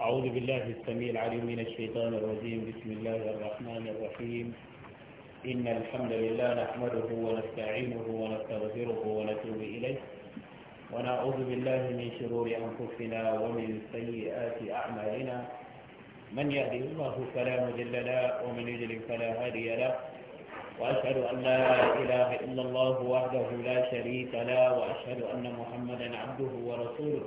أعوذ بالله السميع العليم من الشيطان الرجيم بسم الله الرحمن الرحيم إن الحمد لله نحمده ونستعينه ونستغفره ونتوب إليه ونعوذ بالله من شرور أنفسنا ومن سيئات أعمالنا من يهد الله فلا مضل له ومن يضلل فلا هادي له وأشهد أن لا إله إلا الله وحده لا شريك له وأشهد أن محمدا عبده ورسوله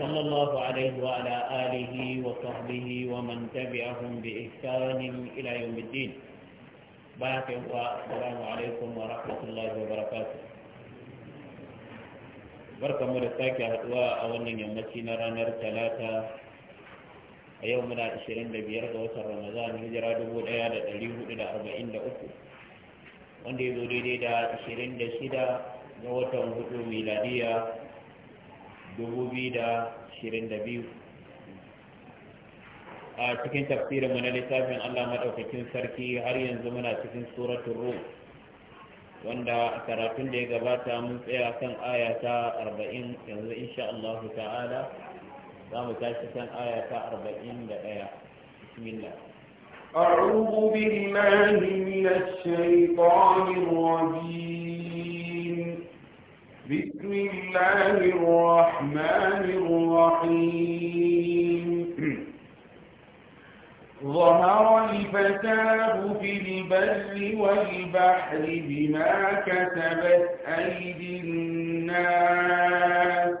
صلى الله عليه وعلى آله وصحبه ومن تبعهم بإحسان إلى يوم الدين بارك السلام عليكم ورحمة الله وبركاته بارك الله فيك يا أخوة أولا يوم نرى نرى ثلاثة يومنا عشرين بيار رمضان هجرة دبو ديادة إلى أربعين دأكو وندي ذو ديدة عشرين دشيدة غوطة وهدو ميلادية biyu. a cikin tafsirinmu na lissafin Allah maɗaukakin sarki har yanzu muna cikin suratun ruh wanda a karatun da ya gabata mun tsaya kan aya ta arba'in yanzu insha Allah ta'ala za mu tashi kan aya ta arba'in da ɗaya bismillah أعوذ بالله من الشيطان الرجيم بسم الله الرحمن الرحيم ظهر الفساد في البر والبحر بما كسبت أيدي الناس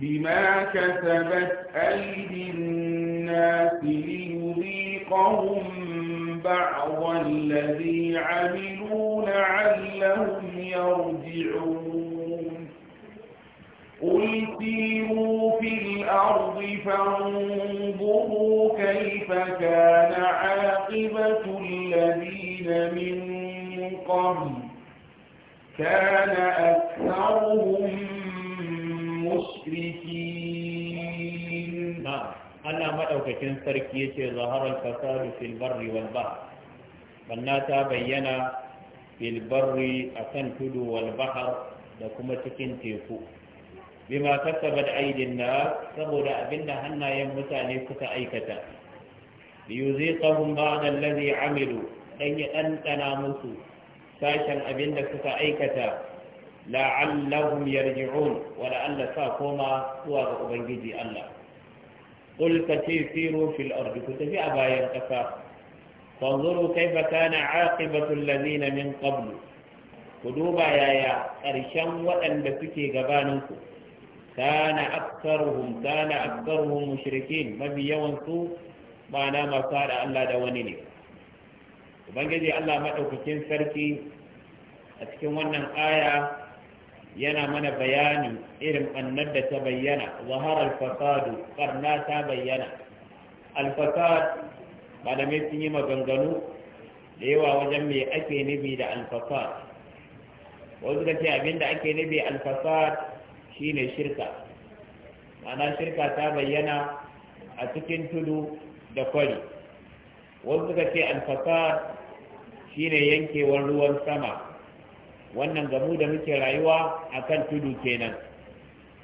بما كسبت أيدي الناس ليذيقهم بعض الذي عملوا لعلهم يرجعون قل سيروا في الأرض فانظروا كيف كان عاقبة الذين من قبل كان أكثرهم مشركين نعم Allah maɗaukakin sarki ya ce zaharar fasadu fil barri wal banna ta bayyana filbarri akan tudu bahar da kuma cikin teku bima kasabat aydin nas saboda abinda hannayen mutane suka aikata liyuziqahum ba'da allazi amilu dan ya ɗanɗana musu sashen abin da suka aikata la'allahum yarji'un wa la'alla sa koma zuwa ga ubangiji Allah qul katifiru fil ardi kutafi a bayan kasa fanzuru kaifa kana aqibatu allazina min qablu ku duba yaya ƙarshen waɗanda kuke gabaninku ku tana aktsaruhum kana aktsaruhum mafi yawan su ma'ana masu hada Allah da wani ne ubangiji Allah madaukakin sarki a cikin wannan aya yana mana bayani irin annar da ta bayyana zahar fasadu karna ta bayyana alfasad malamai sun yi maganganu da yawa wajen me ake nufi da alfasad wasu da abinda ake nufi alfasad shine shirka ma'ana shirka ta bayyana a cikin tudu da kwari wasu suka ce shi shine yankewar ruwan sama wannan gamu da muke rayuwa a kan tudu kenan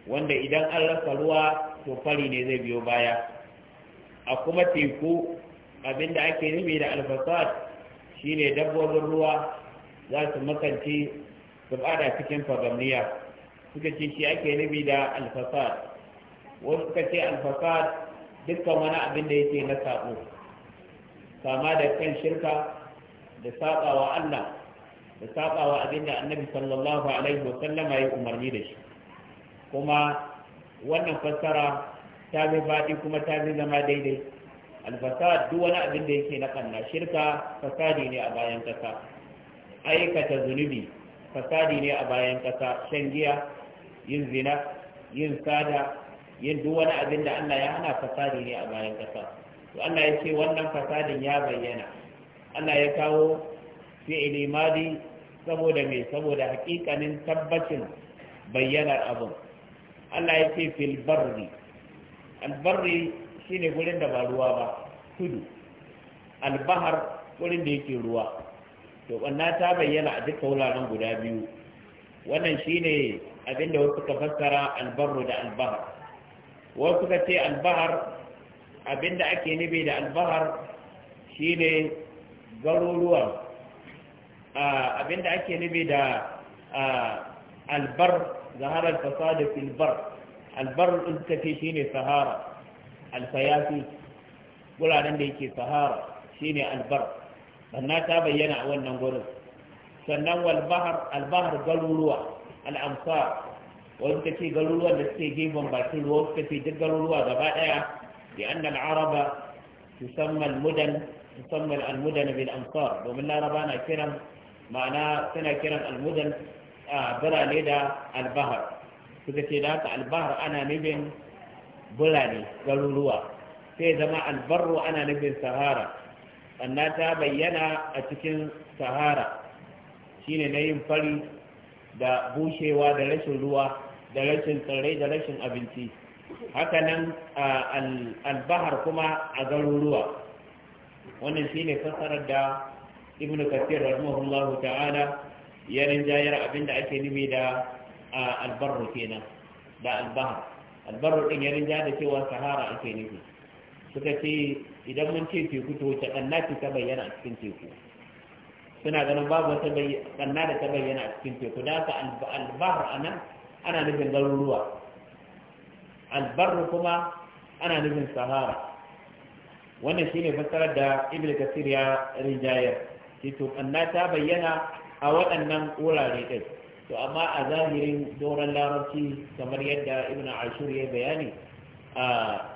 wanda idan an rasa ruwa to kwari ne zai biyo baya a kuma teku abinda ake nufi da alfasad shine dabbobin ruwa za su makance su fada cikin fagamniya suka ce shi ake nubi da alfasad wasu suka ce alfasad dukkan wani abin da yake na sabo kama da kan shirka da saɓawa Allah da saɓawa abin da annabi sallallahu alaihi wasallama ya umarni da shi kuma wannan fassara ta bi faɗi kuma ta bi zama daidai alfasad duk wani abin da yake na kanna shirka fasadi ne a bayan kasa aikata zunubi fasadi ne a bayan kasa shan giya yin zina yin sada yin duk wani abin da Allah ya hana fasadi ne a bayan ƙasa to Allah ya ce wannan fasadin ya bayyana Allah ya kawo fi'ili madi saboda me saboda hakikanin tabbacin bayyanar abin Allah ya ce fil barri barri shine gurin da ba ruwa ba tudu albahar gurin da yake ruwa to wannan ta bayyana a duka wuraren guda biyu wannan shine abinda wasu ka fassara albarru da albahar wasu ka ce albahar abinda ake nufi da albahar shine garuruwan abinda ake nufi da albar zaharar fasada filbar albar suka ce shine sahara alfayafi guraren da yake sahara shine albar banna ta bayyana a wannan gurin sannan walbahar albahar garuruwa al'amfar wasu suka ce garuruwan da suke gefen bakin ruwa suka ce duk garuruwa gaba daya da an al'araba tusamman mudan tusamman almudan bil amsar domin laraba na kiran ma'ana suna kiran almudan a birane da albahar suka ce da haka albahar ana nufin birane garuruwa sai zama albarro ana nufin sahara sannan ta bayyana a cikin sahara shine na yin fari da bushewa da rashin ruwa da rashin tsare da rashin abinci hakanan albahar kuma a garuruwa wannan shi ne fassarar da ibn kafir rahimahullahu ta'ala ya rinjayar abinda ake nufi da albarru kenan da albahar albarru din ya rinja da cewa sahara ake nufi suka ce idan mun ce teku to ta ɗanna ta bayyana a cikin teku suna ganin babu wata da ta bayyana a cikin teku da haka albahar a ana nufin garuruwa albarru kuma ana nufin sahara wannan shine fassarar da ibn kasir ya rinjayar shi to ta bayyana a waɗannan wurare ɗin to amma a zahirin doron larabci kamar yadda ibn ashur ya bayani A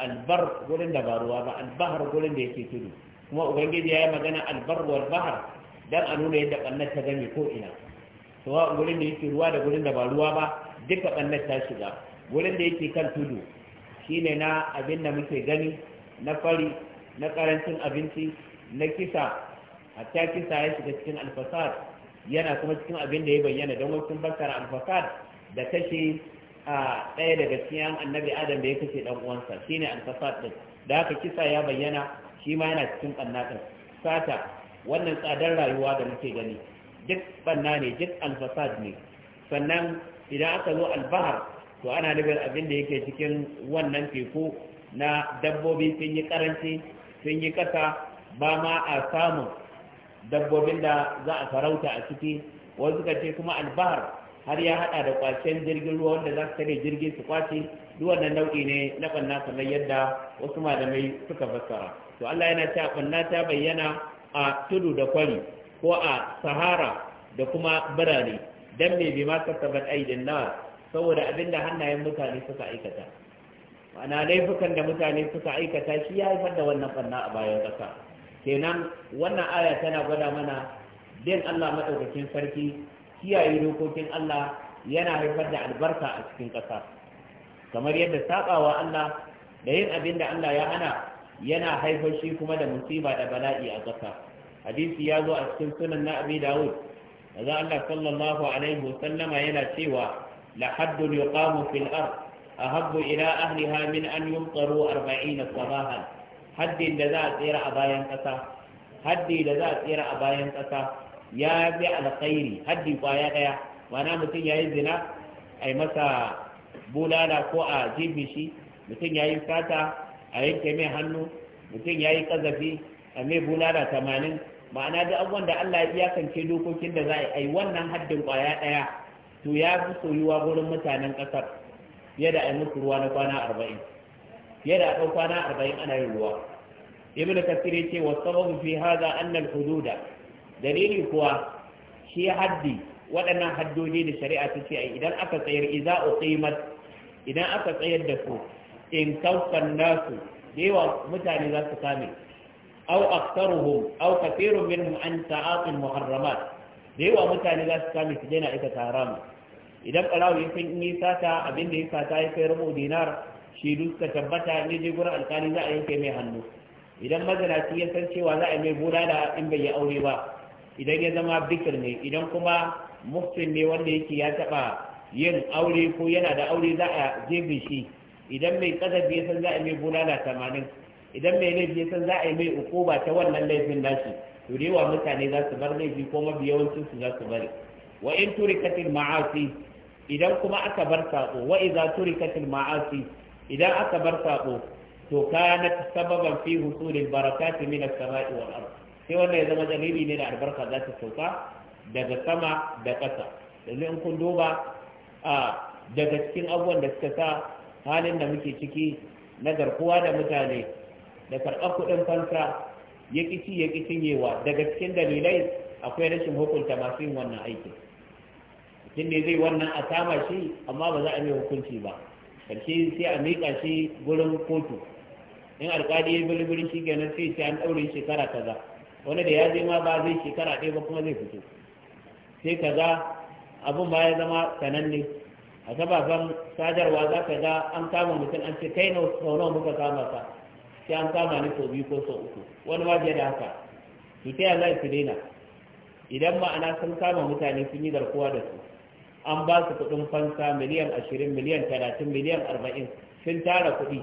albar gurin da ba ruwa ba albahar gurin da yake tudu kuma ubangiji ya yi magana albar wal bahar dan a nuna yadda ɓannar ta gani ko ina sawa gurin da yake ruwa da gurin da ba ruwa ba duka ɓannar ta shiga gurin da yake kan tudu shine na abin da muke gani na fari na karancin abinci na kisa hatta kisa ya shiga cikin alfasad yana kuma cikin abin da ya bayyana don wasu bakar alfasad da kashe a daya daga cikin annabi adam da ya kashe dan uwansa shine alfasad din da haka kisa ya bayyana shi ma yana cikin ɓannatar sata wannan tsadar rayuwa da muke gani duk ɓanna ne duk alfasad ne sannan idan aka zo albahar to ana nufin abin da yake cikin wannan teku na dabbobi sun yi karanci sun yi kasa ba ma a samun dabbobin da za a farauta a ciki wasu suka ce kuma albahar har ya hada da kwacen jirgin ruwa wanda za su tare jirgin su kwace duk wannan nau'i ne na ɓanna kamar yadda wasu malamai suka fassara to Allah yana ta banna ta bayyana a tudu da kwari ko a sahara da kuma birane dan me bi ma kasabat aidin na saboda abinda hannayen mutane suka aikata Wana laifukan da mutane suka aikata shi ya haifar da wannan banna a bayan ƙasa kenan wannan aya tana gwada mana din Allah madaukakin sarki kiyaye dokokin Allah yana haifar da albarka a cikin kasa kamar yadda sabawa Allah da yin abin da Allah ya hana yana haifar shi kuma da musiba da bala'i a ƙasa hadisi ya zo a cikin sunan na abi dawud maza Allah sallallahu alaihi wasallama yana cewa la haddun yuqamu fil ard ahabbu ila ahliha min an yumtaru 40 sabahan haddin da za a tsira a bayan ƙasa haddi da za a tsira a bayan ƙasa ya bi alkhairi haddi kwaya daya ma'ana mutum yayi zina ai masa bulala ko a jibi shi mutum yayi sata a yanke mai hannu mutum ya yi kazafi a mai da tamanin ma'ana duk abubuwan da Allah ya iyakance dokokin da za a yi wannan haddin kwaya ɗaya to ya fi soyuwa gurin mutanen ƙasar fiye da a yi musu ruwa na kwana arba'in fiye da a ɗau kwana arba'in ana yin ruwa ibn kasir ya ce wa sababu fi haza annal hududa dalili kuwa shi haddi waɗannan haddoji da shari'a ta ce idan aka tsayar iza uqimat idan aka tsayar da su in kawfan nasu da yawa mutane za su kame au aktaruhum au kafirun minhum an ta'atul muharramat da yawa mutane za su kame su daina aikata haramu idan barawo ya san in yi sata abin da ya sata ya kai rubu dinar shi duka tabbata ya je gurin alkali za a yanke mai hannu idan mazalaci ya san cewa za a mai da in bai yi aure ba idan ya zama bikir ne idan kuma muftin ne wanda yake ya taɓa yin aure ko yana da aure za a jefe shi idan mai kazafi ya san za a mai bulala tamanin idan mai laifi ya san za a yi mai ukuba ta wannan laifin nashi to da yawa mutane za su bar laifi ko mafi yawancin su za su bari wa in turikatil ma'asi idan kuma aka bar sako wa idza turikatil ma'asi idan aka bar sako to kana sababan fi husulil barakati min as-sama'i wal ard sai wannan ya zama dalili ne da albarka za ta sauka daga sama da ƙasa domin in kun duba daga cikin abubuwan da suka sa halin da muke ciki na garkuwa da mutane da karɓar kuɗin fansa ya ƙici ya cinyewa daga cikin dalilai akwai rashin hukunta masu yin wannan aiki Tun ne zai wannan a kama shi amma ba za a yi hukunci ba karshe sai a miƙa shi gurin kotu in alƙali ya bilibili shi kenan sai ce an ɗaure shekara kaza wani da ya je ma ba zai shekara ɗaya ba kuma zai fito sai kaza abin ba ya zama sananne a gababan sadarwa za ka ga an kama mutum an ce kai na nawa muka kama ka sai an kama ni sau biyu ko sau uku wani ma da haka su ta yaya su daina idan ma'ana sun kama mutane sun yi garkuwa da su an ba su kuɗin fansa miliyan ashirin miliyan talatin miliyan arba'in sun tara kuɗi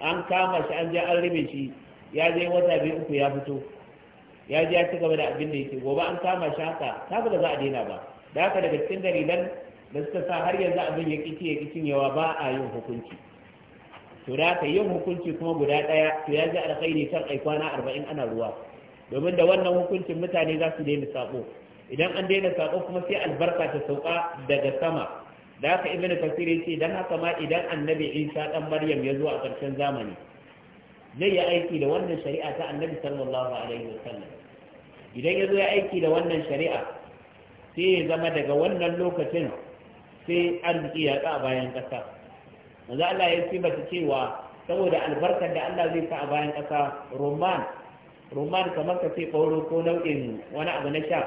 an kama shi an je an rube shi ya je wata biyu uku ya fito ya je ya ci gaba da abin da yake gobe an kama shi haka ta ba za a daina ba da haka daga cikin dalilan da har yanzu abin ya kici ya kicin yawa ba a yin hukunci to da ka yin hukunci kuma guda ɗaya to ya ji alkhairi kan ai kwana arba'in ana ruwa domin da wannan hukuncin mutane za su daina sako idan an daina sako kuma sai albarka ta sauka daga sama da haka ibn kasir yace dan haka ma idan annabi Isa dan Maryam ya zo a ƙarshen zamani zai yi aiki da wannan shari'a ta annabi sallallahu alaihi wasallam idan ya zo ya aiki da wannan shari'a sai ya zama daga wannan lokacin sai arziki ya ka a bayan ƙasa manzo Allah ya sifata cewa saboda albarkar da Allah zai sa a bayan ƙasa Roman roman kamar ka ce ɓauro ko nau'in wani abu na sha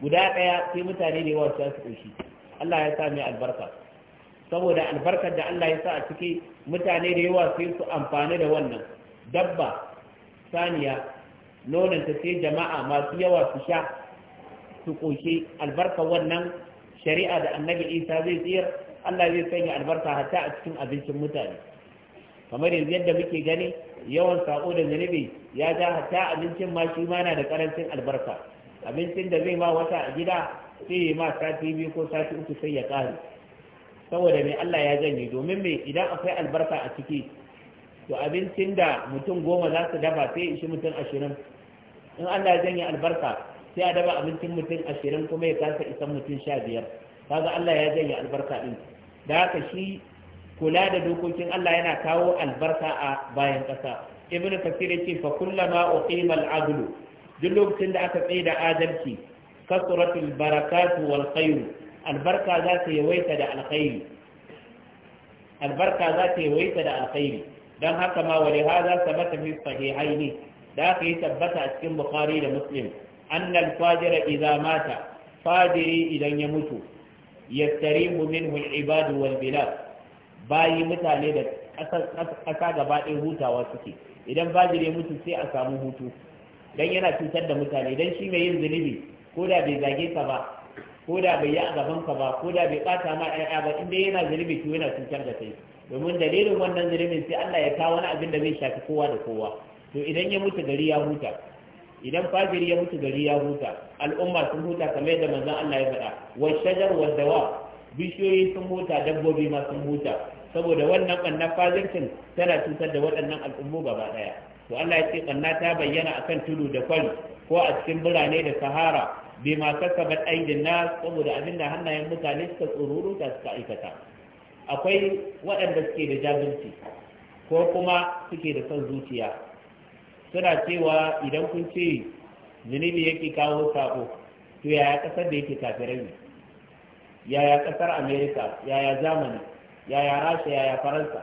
guda ɗaya sai mutane da yawa su ƙoshi Allah ya sa mai albarka saboda albarkar da Allah ya sa a ciki mutane da yawa sai su amfani da wannan dabba saniya nonanta sai jama'a masu yawa su sha su ƙoshi albarkar wannan shari'a da annabi isa zai tsiyar allah zai sanya albarka hatta a cikin abincin mutane kamar yanzu yadda muke gani yawan sako da zunubi ya ja hatta abincin ma shi ma na da karancin albarka abincin da zai ma wata a gida sai ma sati biyu ko sati uku sai ya kare saboda mai allah ya janye domin mai idan akwai albarka a ciki to abincin da mutum goma za su dafa sai ishi mutum ashirin in allah ya janye albarka sai a daba abincin mutum ashirin kuma ya kasa isan mutum sha biyar kaga Allah ya janye albarka din da haka shi kula da dokokin Allah yana kawo albarka a bayan ƙasa ibnu kasir yace fa kullama uqima al-adl duk lokacin da aka tsaye da adalci kasratul barakatu wal khair albarka za ta yawaita da alkhairi albarka za ta yawaita da dan haka ma wa lihada sabata fi sahihaini da aka yi tabbata a cikin bukhari da muslim annal fajira idza mata idan ya mutu yastarimu minhu al-ibad wal bilad bayi mutane da ƙasa gaba ɗaya hutawa suke idan fajiri mutu sai a samu hutu dan yana cutar da mutane dan shi mai yin zunubi ko da bai zage ka ba ko da bai yi a gaban ka ba ko da bai bata ma ƴaƴa ba inda yana zunubi to yana cutar da kai domin dalilin wannan zunubin sai Allah ya kawo wani abin da zai shafi kowa da kowa to idan ya mutu gari ya huta idan fajiri ya mutu gari ya huta al'umma sun huta kamar da manzon Allah ya faɗa wa shajar wa dawa bishiyoyi sun huta dabbobi ma sun huta saboda wannan ɓannan fajircin tana cutar da waɗannan al'ummu gaba ɗaya to Allah ya ce ɓanna ta bayyana akan tudu da kwari ko a cikin birane da sahara bai ma kasabar aidin na saboda abin da hannayen mutane suka tsururuta suka aikata akwai waɗanda suke da jazunci, ko kuma suke da son zuciya suna cewa idan kun ce zunubi yake kawo sako to yaya kasar da yake kafirai ne yaya kasar Amerika, yaya zamani yaya rasha yaya faransa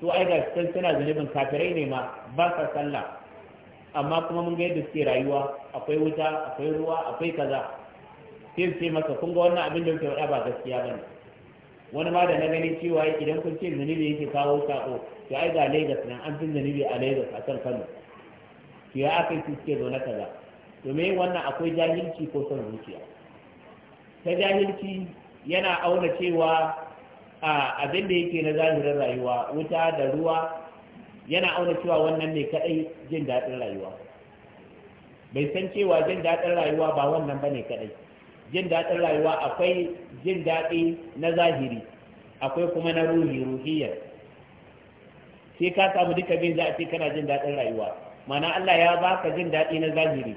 su ai ga suna zunubin kafirai ne ma ba sa sallah amma kuma mun ga yadda suke rayuwa akwai wuta akwai ruwa akwai kaza sai sai masa, maka kun ga wannan abin da yake faɗa ba gaskiya ba ne wani ma da na gani cewa idan kun ce zunubi yake kawo sako to ai ga lagos nan an fi zunubi a lagos a kan kano to ya aka yi suke zaune kaza domin wannan akwai jahilci ko son zuciya ta jahilci yana auna cewa a abin da yake na zahirin rayuwa wuta da ruwa yana auna cewa wannan ne kadai jin daɗin rayuwa bai san cewa jin daɗin rayuwa ba wannan ba ne kadai jin daɗin rayuwa akwai jin daɗi na zahiri akwai kuma na ruhi ruhiyar sai ka samu duka bin za a ce kana jin daɗin rayuwa mana Allah ya baka jin daɗi na zahiri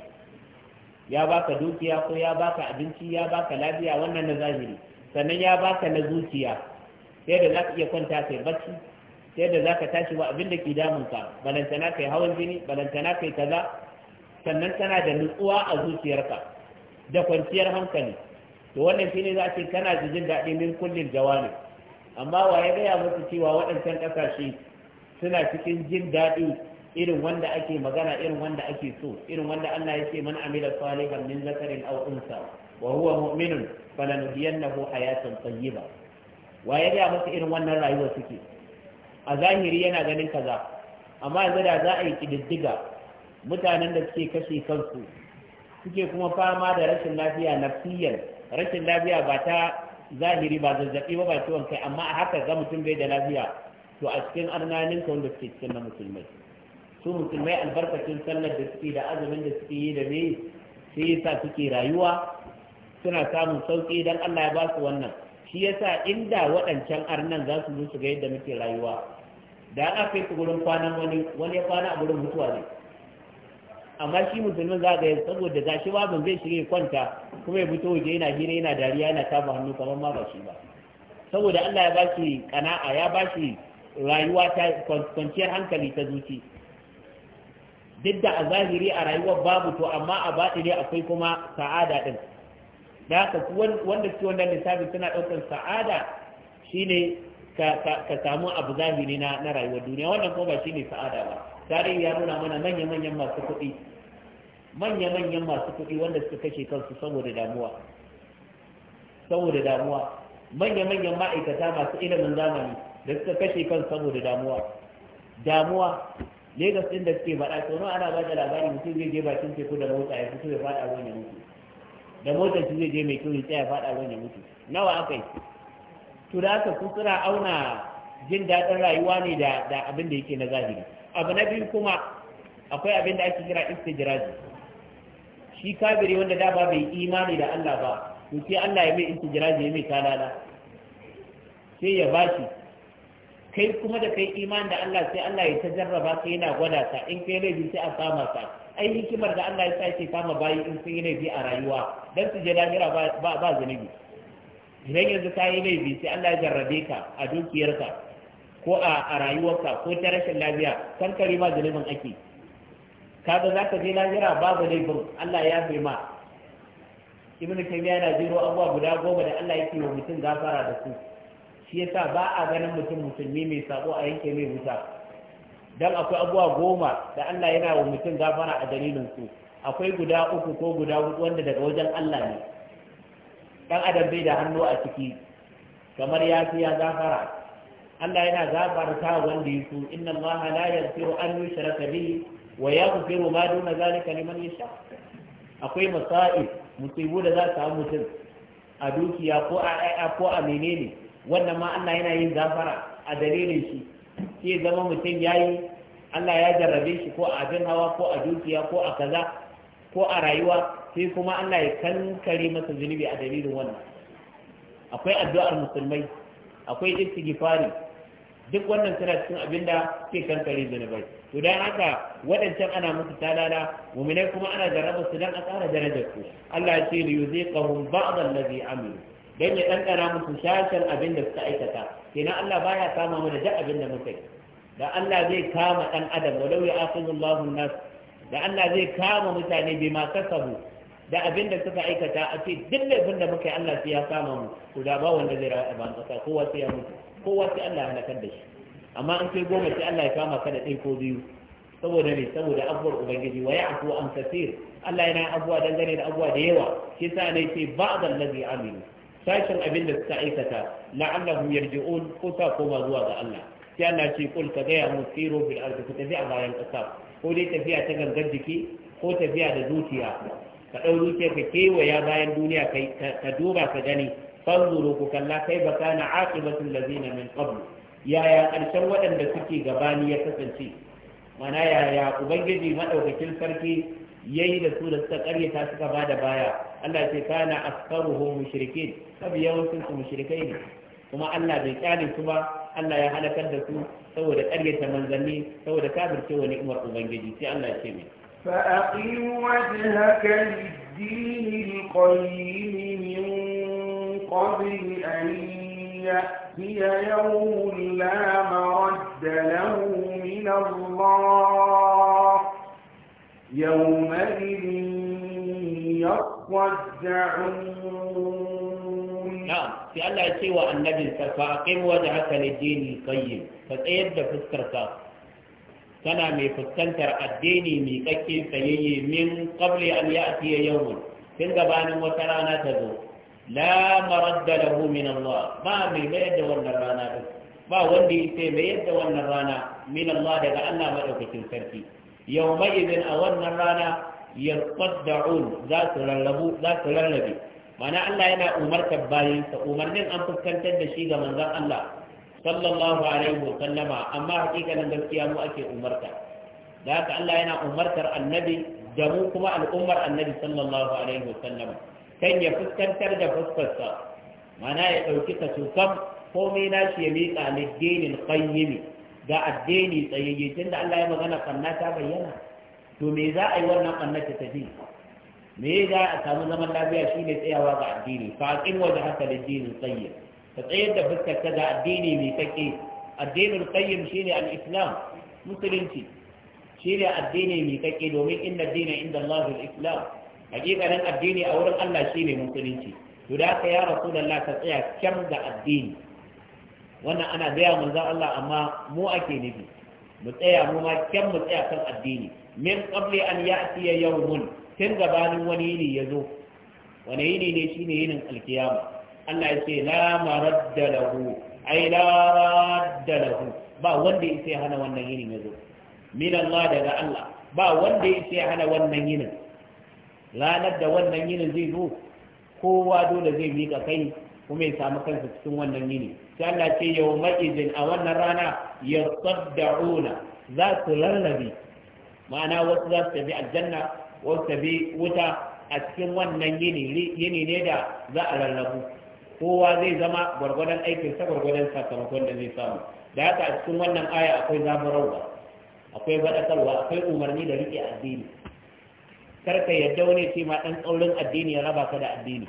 ya baka dukiya ko ya baka abinci ya baka lafiya wannan na zahiri sannan ya baka na zuciya sai da za ka iya kwanta kai bacci sai da za ka tashi wa abin da ke damunka balantana kai hawan jini balantana kai kaza sannan tana da nutsuwa a zuciyarka da kwanciyar hankali to wannan shine za a ce kana jin daɗi min kullin jawani amma wa ya gaya musu cewa waɗancan ƙasashe suna cikin jin daɗi irin wanda ake magana irin wanda ake so irin wanda Allah ya ce man amila salihan min zakarin aw unsa wa huwa mu'minun falanuhyiyannahu hayatan tayyiba wa ya ga masa irin wannan rayuwa suke a zahiri yana ganin kaza amma yanzu da za a yi kididdiga mutanen da suke kashe kansu suke kuma fama da rashin lafiya nafsiyar rashin lafiya ba ta zahiri ba zazzabi ba ba ciwon kai amma a haka ga mutum bai da lafiya to a cikin arnanin wanda suke cikin na musulmai su musulmai albarkacin sallar da suke da azumin da suke yi da me sai yasa suke rayuwa suna samun sauki dan Allah ya ba su wannan shi yasa inda waɗancan arnan za su zo su ga yadda muke rayuwa da an aka su gurin kwanan wani wani ya kwana a gurin mutuwa ne amma shi musulmin za ga saboda gashi babin zai shirya kwanta kuma ya fito waje yana hira yana dariya yana tafa hannu kamar ma ba shi ba saboda Allah ya ba shi kana'a ya ba shi rayuwa ta kwanciyar hankali ta zuci duk da a zahiri a rayuwar babu to amma a batini akwai kuma sa'ada din da haka wanda su wannan lissafi suna ɗaukar sa'ada shine ka samu abu zahiri na rayuwar duniya wannan kuma ba shine sa'ada ba tare ya nuna mana manya-manyan masu kuɗi manya-manyan masu kuɗi wanda suka kashe kansu saboda damuwa saboda damuwa manya-manyan ma'aikata masu ilimin zamani da suka kashe kansu saboda damuwa damuwa Legas ɗin da suke faɗa sau nawa ana ba da labari mutum zai je bakin teku da mota ya fito ya faɗa ruwan ya mutu da motar shi zai je mai kyau ya tsaya faɗa ruwan ya mutu nawa aka yi to da aka kusura auna jin daɗin rayuwa ne da abin da yake na zahiri abu na biyu kuma akwai abin da ake kira istijiraji shi kabiri wanda da ba bai imani da Allah ba to sai Allah ya mai istijiraji ya mai kalala sai ya bashi kai kuma da kai iman da Allah sai Allah ya ta jarraba ka yana gwada ka in kai laifi sai a kama ka ai hikimar da Allah ya sa ke kama bayi in sun yi laifi a rayuwa dan su je lahira ba ba zunubi idan yanzu ka yi laifi sai Allah ya jarrabe ka a dukiyarka ko a rayuwarka ko ta rashin lafiya kan kare ma zunubin ake kaga za ka je lahira babu laifin Allah ya fi ma ibnu taymiya yana jiro abuwa guda goma da Allah yake wa mutum gafara da su shi yasa ba a ganin mutum musulmi mai sako a yanke mai wuta dan akwai abuwa goma da Allah yana wa mutum gafara a dalilin su akwai guda uku ko guda hudu wanda daga wajen Allah ne dan adam bai da hannu a ciki kamar ya fi ya gafara Allah yana gafarta wanda ya su, inna Allah la yaghfiru an yushraka bi wa yaghfiru ma duna zalika liman yasha akwai masa'i musibu da za ta mutum a dukiya ko a ko a menene wannan ma Allah yana yin gafara a dalilin shi sai zama mutum yayi Allah ya jarrabe shi ko a abin hawa ko a dukiya ko a kaza ko a rayuwa sai kuma Allah ya kankare masa zunubi a dalilin wannan akwai addu'ar musulmai akwai istighfari duk wannan suna cikin abin da ke kankare zunubai to dan haka waɗancan ana musu talala mu'minai kuma ana jarraba su dan a tsara darajar su Allah ya ce li yuziqahum ba'd allazi amilu dan ya ɗanɗana musu shashar abin da suka aikata kenan Allah baya kama da duk abin da muke. da Allah zai kama ɗan adam walau ya akhidullahu an-nas da Allah zai kama mutane bima kasabu da abin da suka aikata a ce duk laifin da muke, Allah sai ya kama mu to da ba wanda zai rawa a ban kasa kowa sai ya mutu kowa sai Allah ya halakar da shi amma an kai goma sai Allah ya kama ka da ɗaya ko biyu saboda ne saboda abuwar ubangiji wa ya afuwa an kasir Allah yana abuwa dangane da abubuwa da yawa shi sa ne ce ba'd allazi amilu sashen abin da suka aikata la'allahum yarji'un ko ta koma zuwa ga Allah sai Allah ce kul ka gaya mu tsiro bil ardi ku tafi a bayan ƙasa ko dai tafiya ta gangar jiki ko tafiya da zuciya ka ɗau zuciya ka kewaya bayan duniya ka duba ka gani fanzuru ku kalla kai ba kana aqibatul ladina min qabl yaya ƙarshen waɗanda suke gabani ya kasance mana yaya ubangiji madaukakin sarki yayi da su da suka karyata suka ba da baya Allah ce kana askaruhum mushrikin sabi yawancin su mushrikai ne kuma Allah bai kyale su ba Allah ya halakar da su saboda karyata manzanni saboda kafircewa ni'imar ubangiji sai Allah ya ce mai فأقم وجهك للدين القيم من قبل أن يأتي يوم لا مرد له من الله يومئذ يصدعون نعم في الله يسوى النبي فأقم وجهك للدين القيم فتأيد فسكرك كان من فسكنتر الدين ميكك سيئي من قبل أن يأتي يوم تنقبان وترانا تذو لا مرد له من الله ما من ميد والنرانا ما وندي سيميد والنرانا من الله لأنه مدوك تنسرتي yau ma'izin a wannan rana yarfadda'un za za su rarrabe mana Allah yana umartar bayansa umarnin an fuskantar da shi ga manzan Allah sallallahu alaihi wa sallama amma hakikanin gaskiya mu ake umarta da haka Allah yana umartar annabi da mu kuma al'ummar annabi sallallahu alaihi wa sallama kan ya fuskantar da fuskarsa mana ya ɗauki ta tukam komai nashi ya miƙa liggenin qayyimi ga addini tsayayye tun da Allah ya magana ƙanna ta bayyana to me za a yi wannan ƙanna ta tafi me za a samu zaman lafiya ne tsayawa ga addini fa aqim wajha haka lid-din ka tsayar da fuskar ka ga addini mai kake addinin shine al-islam musulunci shine addini mai kake domin inna dina inda Allah al-islam hakikanin addini a wurin Allah shine musulunci to da ka ya rasulullah ka tsaya kyam ga addini wannan ana gaya manzon Allah amma mu ake nufi mu tsaya mu ma kyan mu tsaya kan addini min qabli an ya'tiya yawmun tun gabanin wani yini ya zo wani yini ne shine yinin alkiyama Allah ya ce la maradda lahu ai la radda lahu ba wanda ya sai hana wannan yinin ya zo min Allah daga Allah ba wanda ya sai hana wannan yinin ranar da wannan yinin zai zo kowa dole zai miƙa kai kuma ya samu kansa cikin wannan yini sai Allah ce yawma idin a wannan rana ya tsaddauna za su lallabi ma'ana wasu za su tafi aljanna wasu tafi wuta a cikin wannan yini yini ne da za a lallabu kowa zai zama gwargwadon aikin sa gwargwadon sakamakon da zai samu da haka a cikin wannan aya akwai zaburarwa akwai faɗakarwa akwai umarni da riƙe addini karka ka yadda wani ce ma ɗan tsaurin addini ya raba ka da addini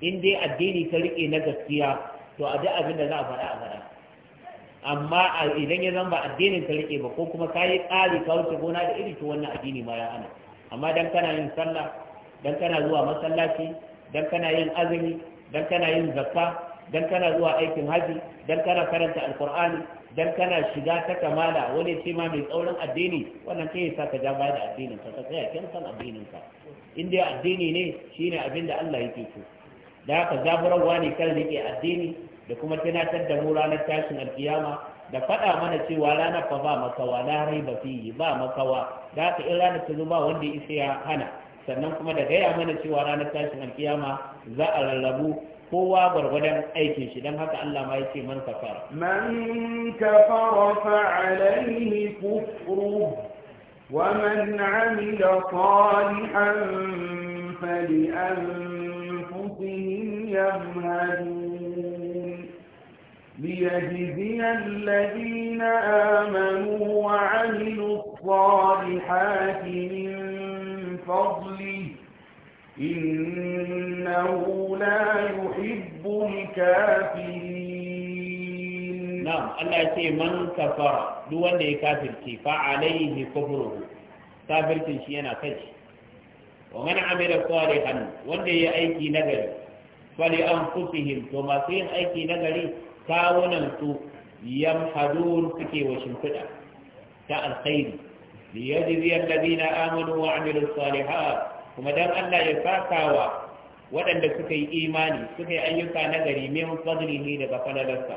in dai addini ka rike na gaskiya to a duk abin da za a faɗa a faɗa amma idan ya zama addinin ka rike ba ko kuma ka yi tsari ka wuce gona da iri to wannan addini ma ya ana amma dan kana yin sallah dan kana zuwa masallaci dan kana yin azumi dan kana yin zakka dan kana zuwa aikin haji dan kana karanta alqur'ani dan kana shiga ta kamala wani ce ma mai tsaurin addini wannan sai ya saka ja baya da addinin ka ka tsaya kin san addinin ka in dai addini ne shine abin da Allah yake so da haka zaburarwa ne kan rike addini da kuma tunatar da mu ranar tashin alkiyama da faɗa mana cewa ranar fa ba makawa la raiba fihi ba makawa da haka in ranar ta ba wanda isa ya hana sannan kuma da gaya mana cewa ranar tashin alkiyama za a rarrabu kowa gwargwadon aikin shi don haka Allah ma yake man kafara man kafara fa alaihi kufru wa man amila salihan fali ربهم يمهدون ليجزي الذين آمنوا وعملوا الصالحات من فضله إنه لا يحب الكافرين نعم الله يقول من كفر دون كافر فعليه كفره كافر شيئا كجي wa man amila salihan wanda ya aiki nagari fali anfusihim to masu yin aiki nagari kawunan su yamhadun suke wa shimfiɗa ta alkhairi liyajzi alladhina amanu wa amilus salihat kuma dan Allah ya sakawa waɗanda suka yi imani suka yi ayyuka nagari, gari min fadlihi daga falalarsa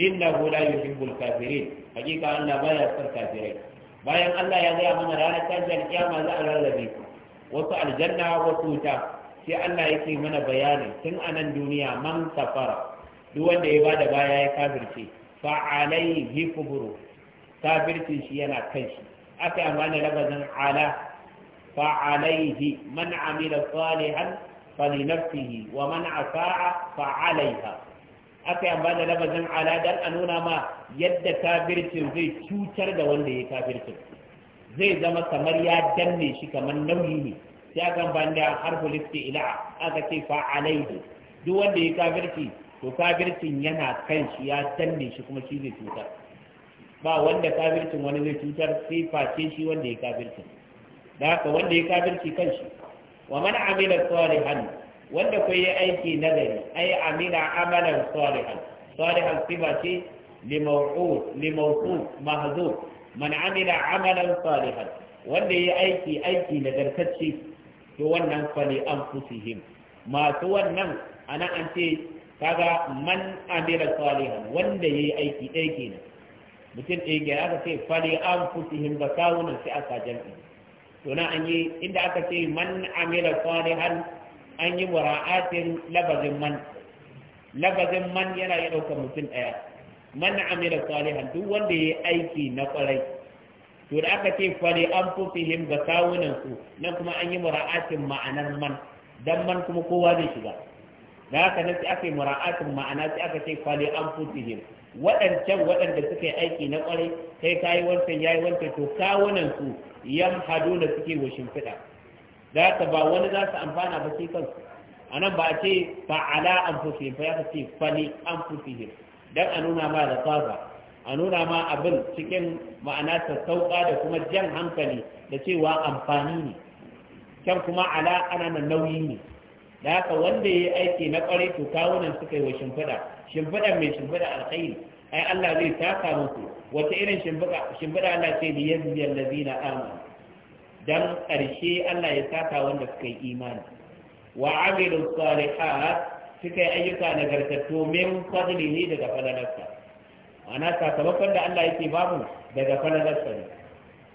innahu la yuhibbul kafirin hakika Allah baya son kafirai bayan Allah ya gaya mana ranar tashin kiyama za a rarrabe ku wasu aljanna wasu wuta sai Allah yake mana bayani tun anan duniya man kafara duk wanda ya bada baya ya kafirce fa alaihi kuburu kafircin shi yana kan shi aka yi amfani lafazin ala fa alaihi man amila salihan fa li nafsihi wa man asaa fa alaiha aka yi amfani lafazin ala dan a nuna ma yadda kafircin zai cutar da wanda ya kafircin zai zama kamar ya danne shi kamar nauyi ne sai aka ban da harfu lifti ila aka ce fa alaihi duk wanda ya kafirci to kafircin yana kan shi ya danne shi kuma shi zai cutar ba wanda kafircin wani zai cutar sai face shi wanda ya kafircin da haka wanda ya kafirci kan shi wa man amila salihan wanda kai ya aiki nagari ai amila amalan salihan salihan sifa ce limaw'ud limawqut mahzuf man amila amalan salihan wanda ya aiki aiki nagartacce to wannan fali an fusihim masu wannan ana an ce kaga man amila salihan wanda ya yi aiki ɗaya kenan mutum ɗaya kenan aka ce fali an fusihim ba kawunan sai aka jam'i to na an yi inda aka ce man amila salihan an yi mura'atin labazin man labazin man yana yi ɗaukar mutum ɗaya man amila salihan duk wanda yayi aiki na kwarai to da aka ce fali an fufihim ga kawunan su nan kuma an yi mura'atin ma'anar man dan man kuma kowa zai shiga da haka nan sai aka yi mura'atin ma'ana sai aka ce fali an fufihim waɗancan waɗanda suka yi aiki na kwarai kai kayi wancan yayi wancan to kawunan su hadu da suke wa shimfiɗa da haka ba wani za su amfana ba sai kansu anan ba a ce fa'ala an fufihim ba ya ce fali an fufihim dan a nuna ma da tsaba a nuna ma abin cikin ma'ana sassauƙa da kuma jan hankali da cewa amfani ne can kuma ala ana nan nauyi ne da haka wanda ya yi aiki na kwarai to kawunan suka yi wa shimfiɗa shimfiɗa mai shimfiɗa alkhairi ai Allah zai taka muku wata irin shimfiɗa Allah ce da ya ziyar da zina dan ƙarshe Allah ya taka wanda suka yi imani wa amilu salihat suka yi ayyuka nagartattu min ne daga falalarsa ana sakamakon da Allah yake babu daga falalarsa ne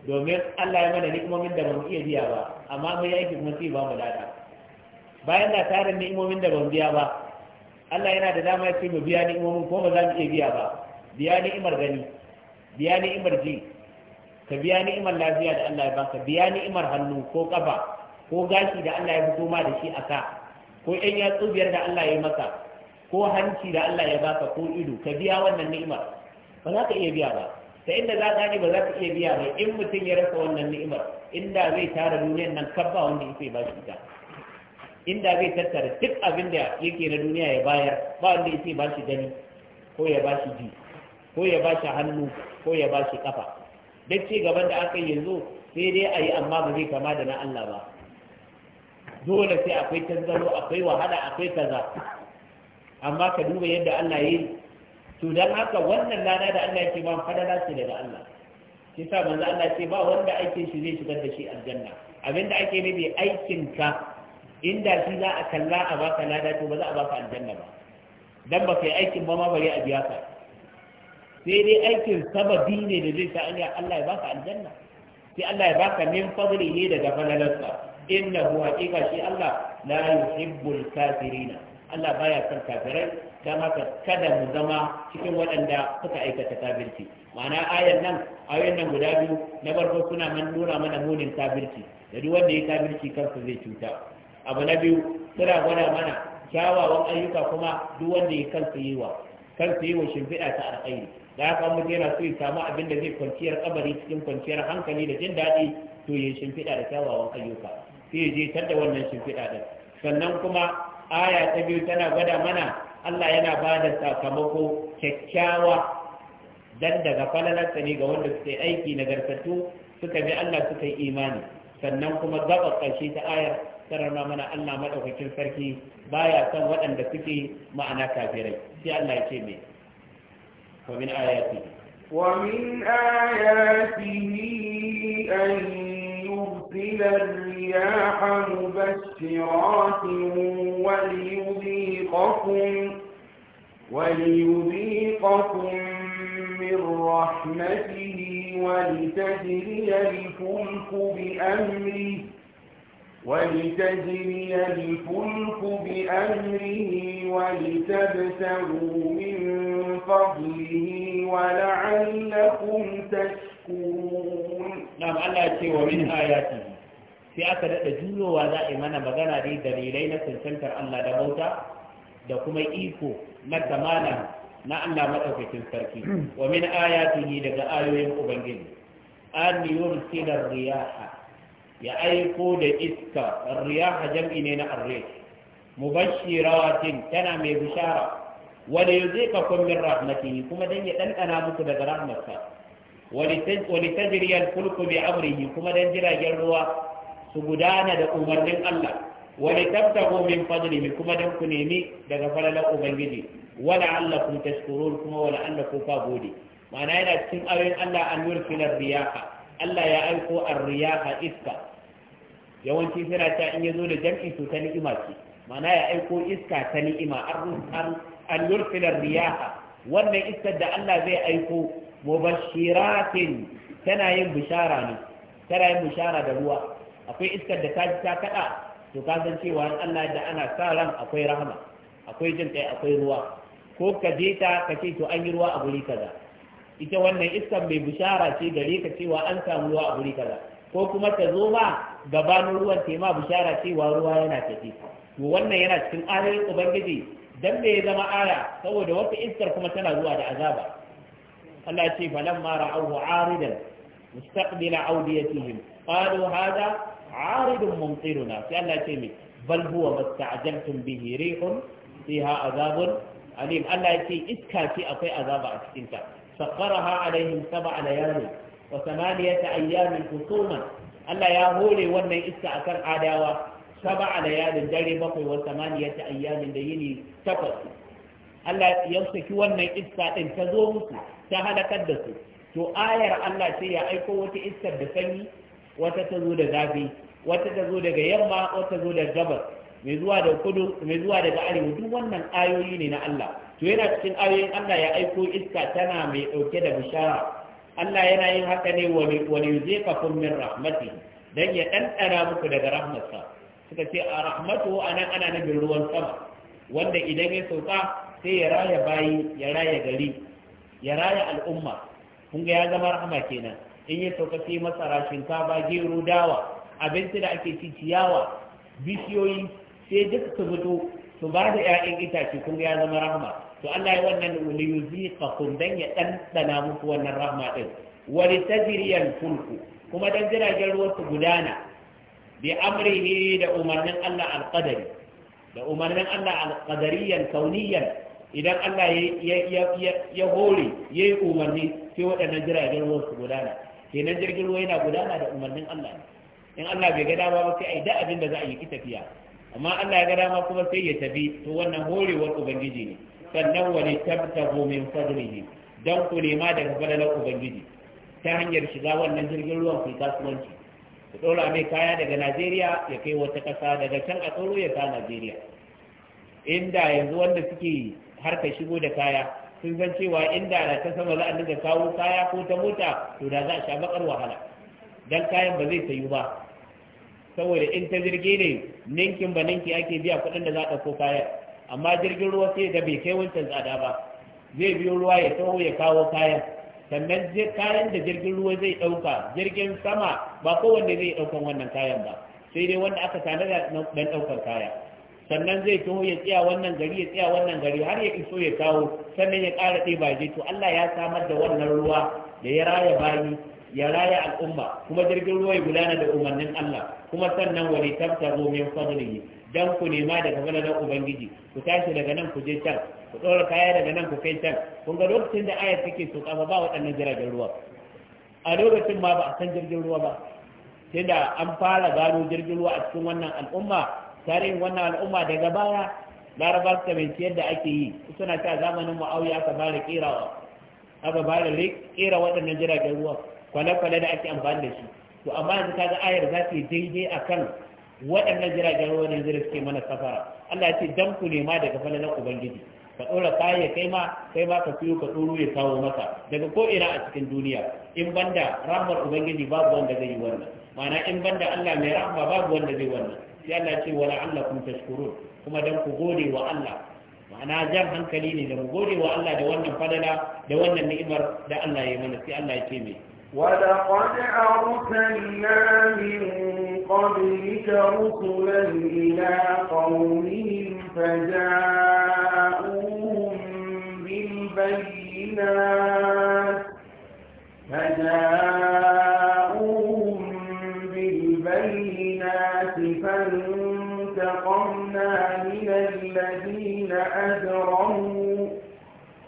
domin Allah ya mana ni'imomin da bamu iya biya ba amma mun yi kuma sai ba mu lada bayan da tarin ni'imomin da bamu biya ba Allah yana da dama yake mu biya ni'imomin ko ba za mu iya biya ba biya ni'imar gani biya ni'imar ji ka biya ni'imar lafiya da Allah ya baka biya ni'imar hannu ko kafa ko gashi da Allah ya fito ma da shi a ka ko ɗan yatsu biyar da Allah ya maka ko hanci da Allah ya baka ko ido ka biya wannan ni'imar ba za ka iya biya ba ta inda za ka ba za ka iya biya ba in mutum ya rasa wannan ni'imar inda zai tara duniyar nan kabba wanda yake ba shi ita inda zai tattara duk abin da yake na duniya ya bayar ba wanda yake ba shi gani ko ya ba shi ji ko ya ba shi hannu ko ya ba shi kafa duk ci gaban da aka yi yanzu sai dai a yi amma ba zai kama da na Allah ba dole sai akwai tangaro akwai wahala akwai kaza amma ka duba yadda Allah yi to dan haka wannan lana da Allah yake ba fadala ce daga Allah shi sa manzo Allah ce ba wanda aikin shi zai shigar da shi aljanna abinda ake nufi aikin ka inda shi za a kalla a baka lada to ba za a baka aljanna ba dan ba kai aikin ba ma bari a biya ka sai dai aikin sababi ne da zai sa Allah ya baka aljanna sai Allah ya baka min fadli ne daga falalarsa Inna haqiqa shi Allah la yuhibbul kafirina Allah baya son kafirai dan haka kada mu zama cikin waɗanda suka aikata kafirci ma'ana ayan nan ayoyin nan guda biyu na farko suna man nuna mana munin kafirci da duk wanda ya kafirci kansa zai cuta abu na biyu suna gwada mana kyawawan ayyuka kuma duk wanda ya kansa yi wa kansa yi wa shimfiɗa ta alƙairi da haka mutum yana so ya samu abin da zai kwanciyar kabari cikin kwanciyar hankali da jin daɗi to ya shimfiɗa da kyawawan ayyuka sai je da wannan shimfiɗa din sannan kuma aya ta biyu tana gwada mana Allah yana ba da sakamako kyakkyawa dan daga falalarsa ne ga wanda suka yi aiki nagartattu suka bi Allah suka yi imani sannan kuma gaba ƙarshe ta ayar sanar mana Allah madaukakin sarki baya san waɗanda suke ma'ana kafirai sai Allah ya ce me ومن آياته ومن آياته أن ليرسل الرياح مبشرات وليذيقكم وليذيقكم من رحمته ولتجري الفلك بأمره ولتجري الفلك بأمره ولتبتغوا من فضله ولعلكم تشكرون na Allah ya ce wa min ayati sai aka daɗa julowa za a yi mana magana dai dalilai na sansantar Allah da bauta da kuma iko na kamala na Allah maɗaukakin sarki wa min ayatihi daga ayoyin ubangiji an yursila riyaha ya aiko da iska riyaha jam'i ne na arrih mubashiratin tana mai bishara wala yuzika kun min rahmatihi kuma dan ya ɗanɗana muku daga rahmatsa ولتجري الفلك بأمره كما دنجرا جروا سبدانا دا أمرن الله ولتبتغوا من فضله كما دنكو نيمي دا غفر لكم بنجدي ولعلكم تشكرون كما ولعلكم فابودي معنى هنا تسمى أبين الله أن يرسل الرياح الله يأيكو الرياح إسكا yawanci suna ta in ya zo da jam'i to ta ni'ima ce ma'ana ya aiko iska ta ni'ima an yurfilar riyaha wannan iskar da Allah zai aiko mubashiratin tana yin bishara ne tana yin bishara da ruwa akwai iskar da ta ji ta kada to ka san cewa in Allah da ana sa ran akwai rahama akwai jin kai akwai ruwa ko ka je ta ka ce to an yi ruwa a guri kaza ita wannan iskar mai bishara ce gare ka cewa an samu ruwa a guri kaza ko kuma ta zo ma gabanin ruwan tema bishara cewa ruwa yana tafi to wannan yana cikin ayoyin ubangiji dan me ya zama aya saboda wata iskar kuma tana zuwa da azaba Allah ya ce falamma ra'awhu aridan mustaqbila awdiyatihim qalu hada aridun mumtiruna sai Allah ya ce mai bal huwa masta'jaltum bihi rihun fiha azabun alim Allah ya ce iska ce akwai azaba a cikin ta sakharaha alaihim sab'a layali wa thamaniyata ayyamin husuma Allah ya hore wannan iska akan adawa sab'a layalin dare bakwai wa thamaniyata ayyamin da yini takwas Allah ya saki wannan iska ɗin ta zo musu ta halakar da su to ayar Allah ce ya aiko wata iskar da sanyi wata ta zo da zafi wata ta zo daga yamma wata zo gabas mai zuwa da kudu mai zuwa daga arewa duk wannan ayoyi ne na Allah to yana cikin ayoyin Allah ya aiko iska tana mai dauke da bishara Allah yana yin haka ne wani yuzefakum min rahmati dan ya ɗanɗana muku daga rahmatsa suka ce a rahmatu anan ana nabin ruwan sama wanda idan ya sauka sai ya raya bayi ya raya gari ya raya al'umma kun ga ya zama rahama kenan in ya sauka sai masara shinkafa gero dawa abinci da ake ci ciyawa bishiyoyi sai duk su fito su ba da 'ya'yan itace kun ga ya zama rahama to Allah ya wannan kun dan ya dana muku wannan rahama din wani tajriyan fulku kuma dan jiragen ruwa su gudana bi amrihi da umarnin Allah al-qadari da umarnin Allah al-qadariyan kauniyan idan Allah ya hore ya yi umarni sai waɗannan jiragen ruwan su gudana kenan jirgin ruwa yana gudana da umarnin Allah in Allah bai ga dama ba sai a yi da abin da za a yi ki tafiya amma Allah ya ga dama kuma sai ya tafi to wannan horewar ubangiji ne sannan wani tabtahu min fadlihi dan ku nema daga fadalar ubangiji ta hanyar shiga wannan jirgin ruwan ku kasuwanci ku ɗora mai kaya daga Najeriya ya kai wata ƙasa daga can a tsoro ya ta Najeriya inda yanzu wanda suke har ka shigo da kaya sun san cewa inda da ta sama za a dinga kawo kaya ko ta mota to da za a sha bakar wahala dan kayan ba zai sayu ba saboda in ta jirgi ne ninkin ba ninki ake biya kuɗin da za a ɗauko kayan amma jirgin ruwa sai da bai kai wancan tsada ba zai biyo ruwa ya taho ya kawo kayan sannan kayan da jirgin ruwa zai ɗauka jirgin sama ba kowanne zai ɗaukan wannan kayan ba sai dai wanda aka tanada don ɗaukar kaya sannan zai taho ya tsaya wannan gari ya tsaya wannan gari har ya iso ya kawo sannan ya ƙara ɗeba je to Allah ya samar da wannan ruwa da ya raya bayi ya raya al'umma kuma jirgin ruwa ya gudana da umarnin Allah kuma sannan wani tabtaru min fadlihi dan ku nema daga falalar ubangiji ku tashi daga nan ku je can ku ɗora kaya daga nan ku kai can kun ga lokacin da ayat take so kafa ba waɗannan jiragen ruwa a lokacin ma ba a san jirgin ruwa ba sai da an fara gano jirgin ruwa a cikin wannan al'umma tarihin wannan al'umma daga baya laraba suka ciyar da ake yi suna ta zamanin mu'awiya aka fara kerawa aka fara kera waɗannan jiragen ruwa kwale-kwale da ake amfani da shi to amma yanzu kaga ayar za ta yi daidai a kan waɗannan jiragen ruwa yanzu da suke mana safara Allah ya ce dan ku nema daga falalar ubangiji ka ɗora kaya kai ma kai ma ka fiyo ka ɗoro ya kawo maka daga ko ina a cikin duniya in banda rahmar ubangiji babu wanda zai yi wannan ma'ana in banda Allah mai rahma babu wanda zai wannan sai Allah ce wala allakum tashkurun kuma dan ku gode wa Allah ma'ana jan hankali ne da mu gode wa Allah da wannan fadala da wannan ni'imar da Allah ya mana sai Allah ya ce mai ولقد أرسلنا من قبلك رسلا إلى قومهم فجاءوهم بالبينات فجاءوهم أجرموا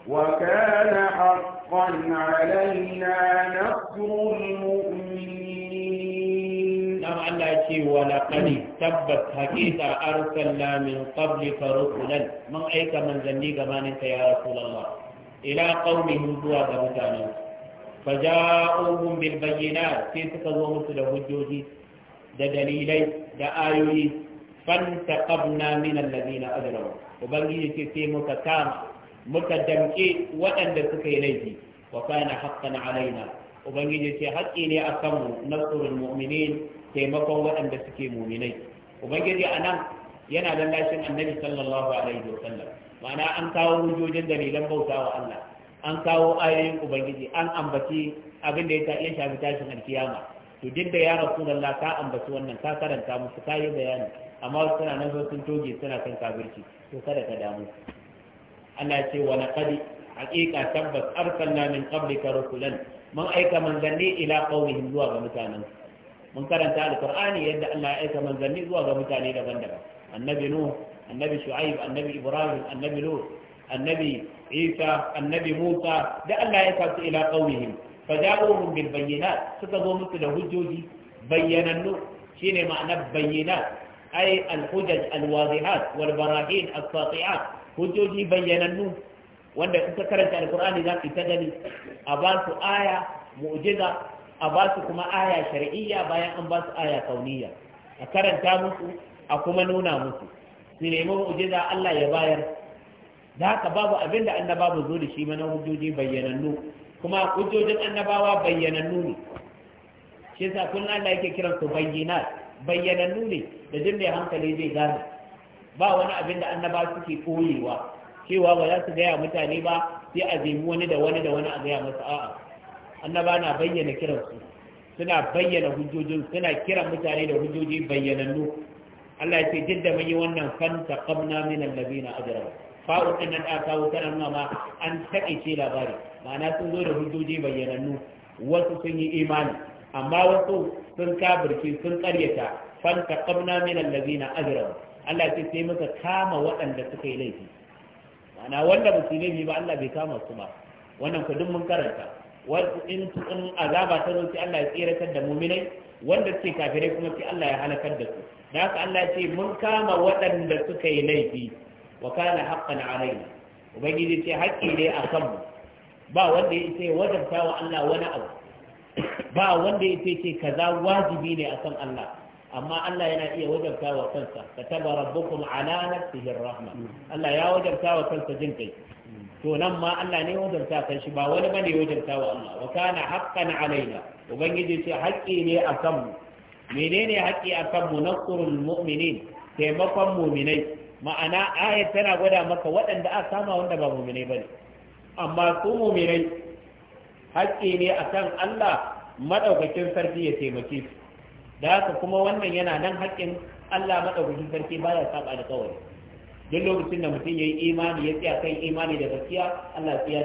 وكان حقا علينا نصر المؤمنين نعم الله يتي ولقد تبت حقيقة أرسلنا من قبلك رسلا من أيك من ذنبي كمانك يا رسول الله إلى قومهم دوا كمتانا فجاءوهم بالبينات كيف تقوموا سلوه الجوجي da dalilai da ayoyi fantaqabna min alladhina ajramu ubangiji ce sai muka kama muka damke waɗanda suka yi laifi wa kana haqqan alaina ubangiji ce haƙƙi ne akan mu nasrul mu'minin taimakon waɗanda suke mu'minai ubangiji anan yana lallashin annabi sallallahu alaihi wa sallam ma'ana an kawo hujjojin dalilan bauta wa Allah an kawo ayoyin ubangiji an ambaci abin da ya shafi tashin alkiyama to duk da ya rasulullah ka ambaci wannan ka karanta musu kayi bayani amma suna nan sun toge suna kan kafirci to kada ka damu Allah ya ce wa laqad haqiqa tabbas arsalna min qablika rusulan mun aika manzanni ila qaumihim zuwa ga mutanen mun karanta alqur'ani yadda Allah ya aika manzanni zuwa ga mutane daban-daban annabi nuh annabi shu'aib annabi ibrahim annabi lut annabi isa annabi musa da Allah ya aika su ila qaumihim فجاءوهم بالبينات suka zo musu da hujjoji bayyanannu shine ma'anar bayyana ai alhujaj alwazihat wal barahin as-sati'at hujjoji bayyanannu wanda in ka karanta alqur'ani za ka ta gani a ba su aya mu'jiza a ba su kuma aya shar'iyya bayan an ba su aya kauniyya a karanta musu a kuma nuna musu su nemi mu'jiza Allah ya bayar da haka babu abin da ba zo da shi mana hujjoji bayyanannu kuma hujjojin annabawa bayyanannu ne shi yasa Allah yake kiran su bayyinat bayyanannu ne da jin mai hankali zai gane ba wani abin da annaba suke koyewa cewa ba za su gaya mutane ba sai a zemi wani da wani da wani a gaya masa a'a annaba na bayyana kiransu suna bayyana hujjojin suna kiran mutane da hujjoji bayyanannu Allah ya ce da mun yi wannan fan qabna min allazina ajramu fa'u dinnan da kawo tana nuna ma an taƙaice labari ma'ana sun zo da hujjoji bayyanannu wasu sun yi imani amma wasu sun kafirce sun karyata fantaqamna min allazina ajramu Allah ce sai muka kama waɗanda suka yi laifi ma'ana wanda ba su laifi ba Allah bai kama su ba wannan ku duk mun karanta in azaba ta zo Allah ya tsiratar da muminai wanda suke kafirai kuma sai Allah ya halakar da su da haka Allah ce mun kama waɗanda suka yi laifi wa kana haqqan alaina ubangiji ce haƙƙi ne a kanmu ba wanda ya ce wajabta wa Allah wani abu ba wanda ya ce kaza wajibi ne akan Allah amma Allah yana iya wajabta wa kansa kataba rabbukum ala nafsihi rahma Allah ya wajabta wa kansa jin kai to nan ma Allah ne wajabta kan shi ba wani bane wajabta wa Allah wa kana haqqan alaina ubangiji ce haƙƙi ne akan mu menene haƙƙi akan mu nasrul mu'minin taimakon mu'minai ma'ana ayat tana gwada maka waɗanda aka kama wanda ba mu'minai bane amma su mu'minai haƙƙi ne a akan Allah maɗaukakin sarki ya taimake su da haka kuma wannan yana nan haƙƙin Allah maɗaukakin sarki baya saba da kawai duk lokacin da mutum ya yi imani ya tsaya kan imani da gaskiya Allah sai ya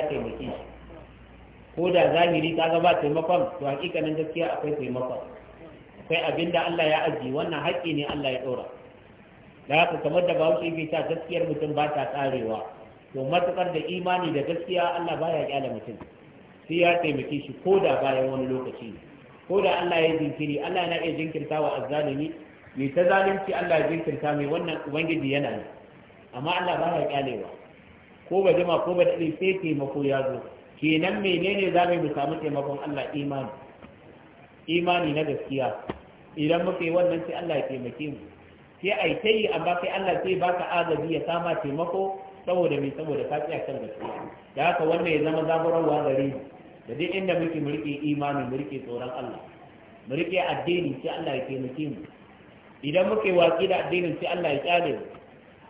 taimake shi ko da zahiri kaga ba taimakon to hakikanin gaskiya akwai taimakon akwai abinda Allah ya aji wannan haƙƙi ne Allah ya ɗora da haka kamar da bahaushe yake ta gaskiyar mutum ba ta ƙarewa to matuƙar da imani da gaskiya Allah baya ƙyale mutum sai ya taimake shi ko da bayan wani lokaci ne ko da Allah ya jinkiri Allah yana iya jinkirta wa azzalimi mai ta zalunci Allah ya jinkirta mai wannan ubangiji yana ne amma Allah ba ya kyalewa ko ba jima ko ba daɗe sai taimako ya zo kenan menene za mu samu taimakon Allah imani imani na gaskiya idan muka yi wannan sai Allah ya taimake mu sai a yi ta yi amma sai Allah sai baka azabi ya sama taimako saboda mai saboda ka tsaya kan gaskiya da haka wannan ya zama zaburarwa gare mu da duk inda muke mulki imani mu tsoron Allah mulki addini sai Allah ya taimake mu idan muke watsi da addinin sai Allah ya kyale mu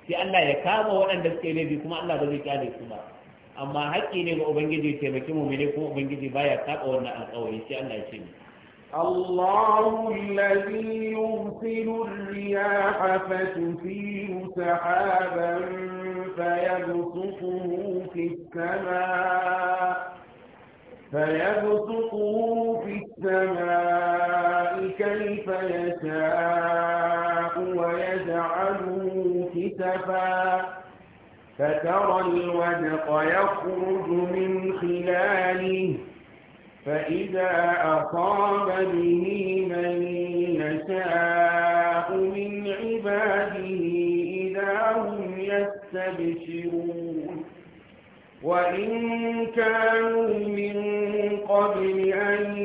sai Allah ya kama waɗanda suke laifi kuma Allah ba zai kyale su ba amma haƙƙi ne ga ubangiji ya taimaki mu mene kuma ubangiji baya saba wannan alƙawari sai Allah ya ce mu الله الذي يرسل الرياح فتثير سحابا فيبسطه في السماء فيبسطه في السماء كيف يشاء ويجعله كسفا فترى الودق يخرج من خلاله فإذا أصاب به من يشاء من عباده إذا هم يستبشرون وإن كانوا من قبل أن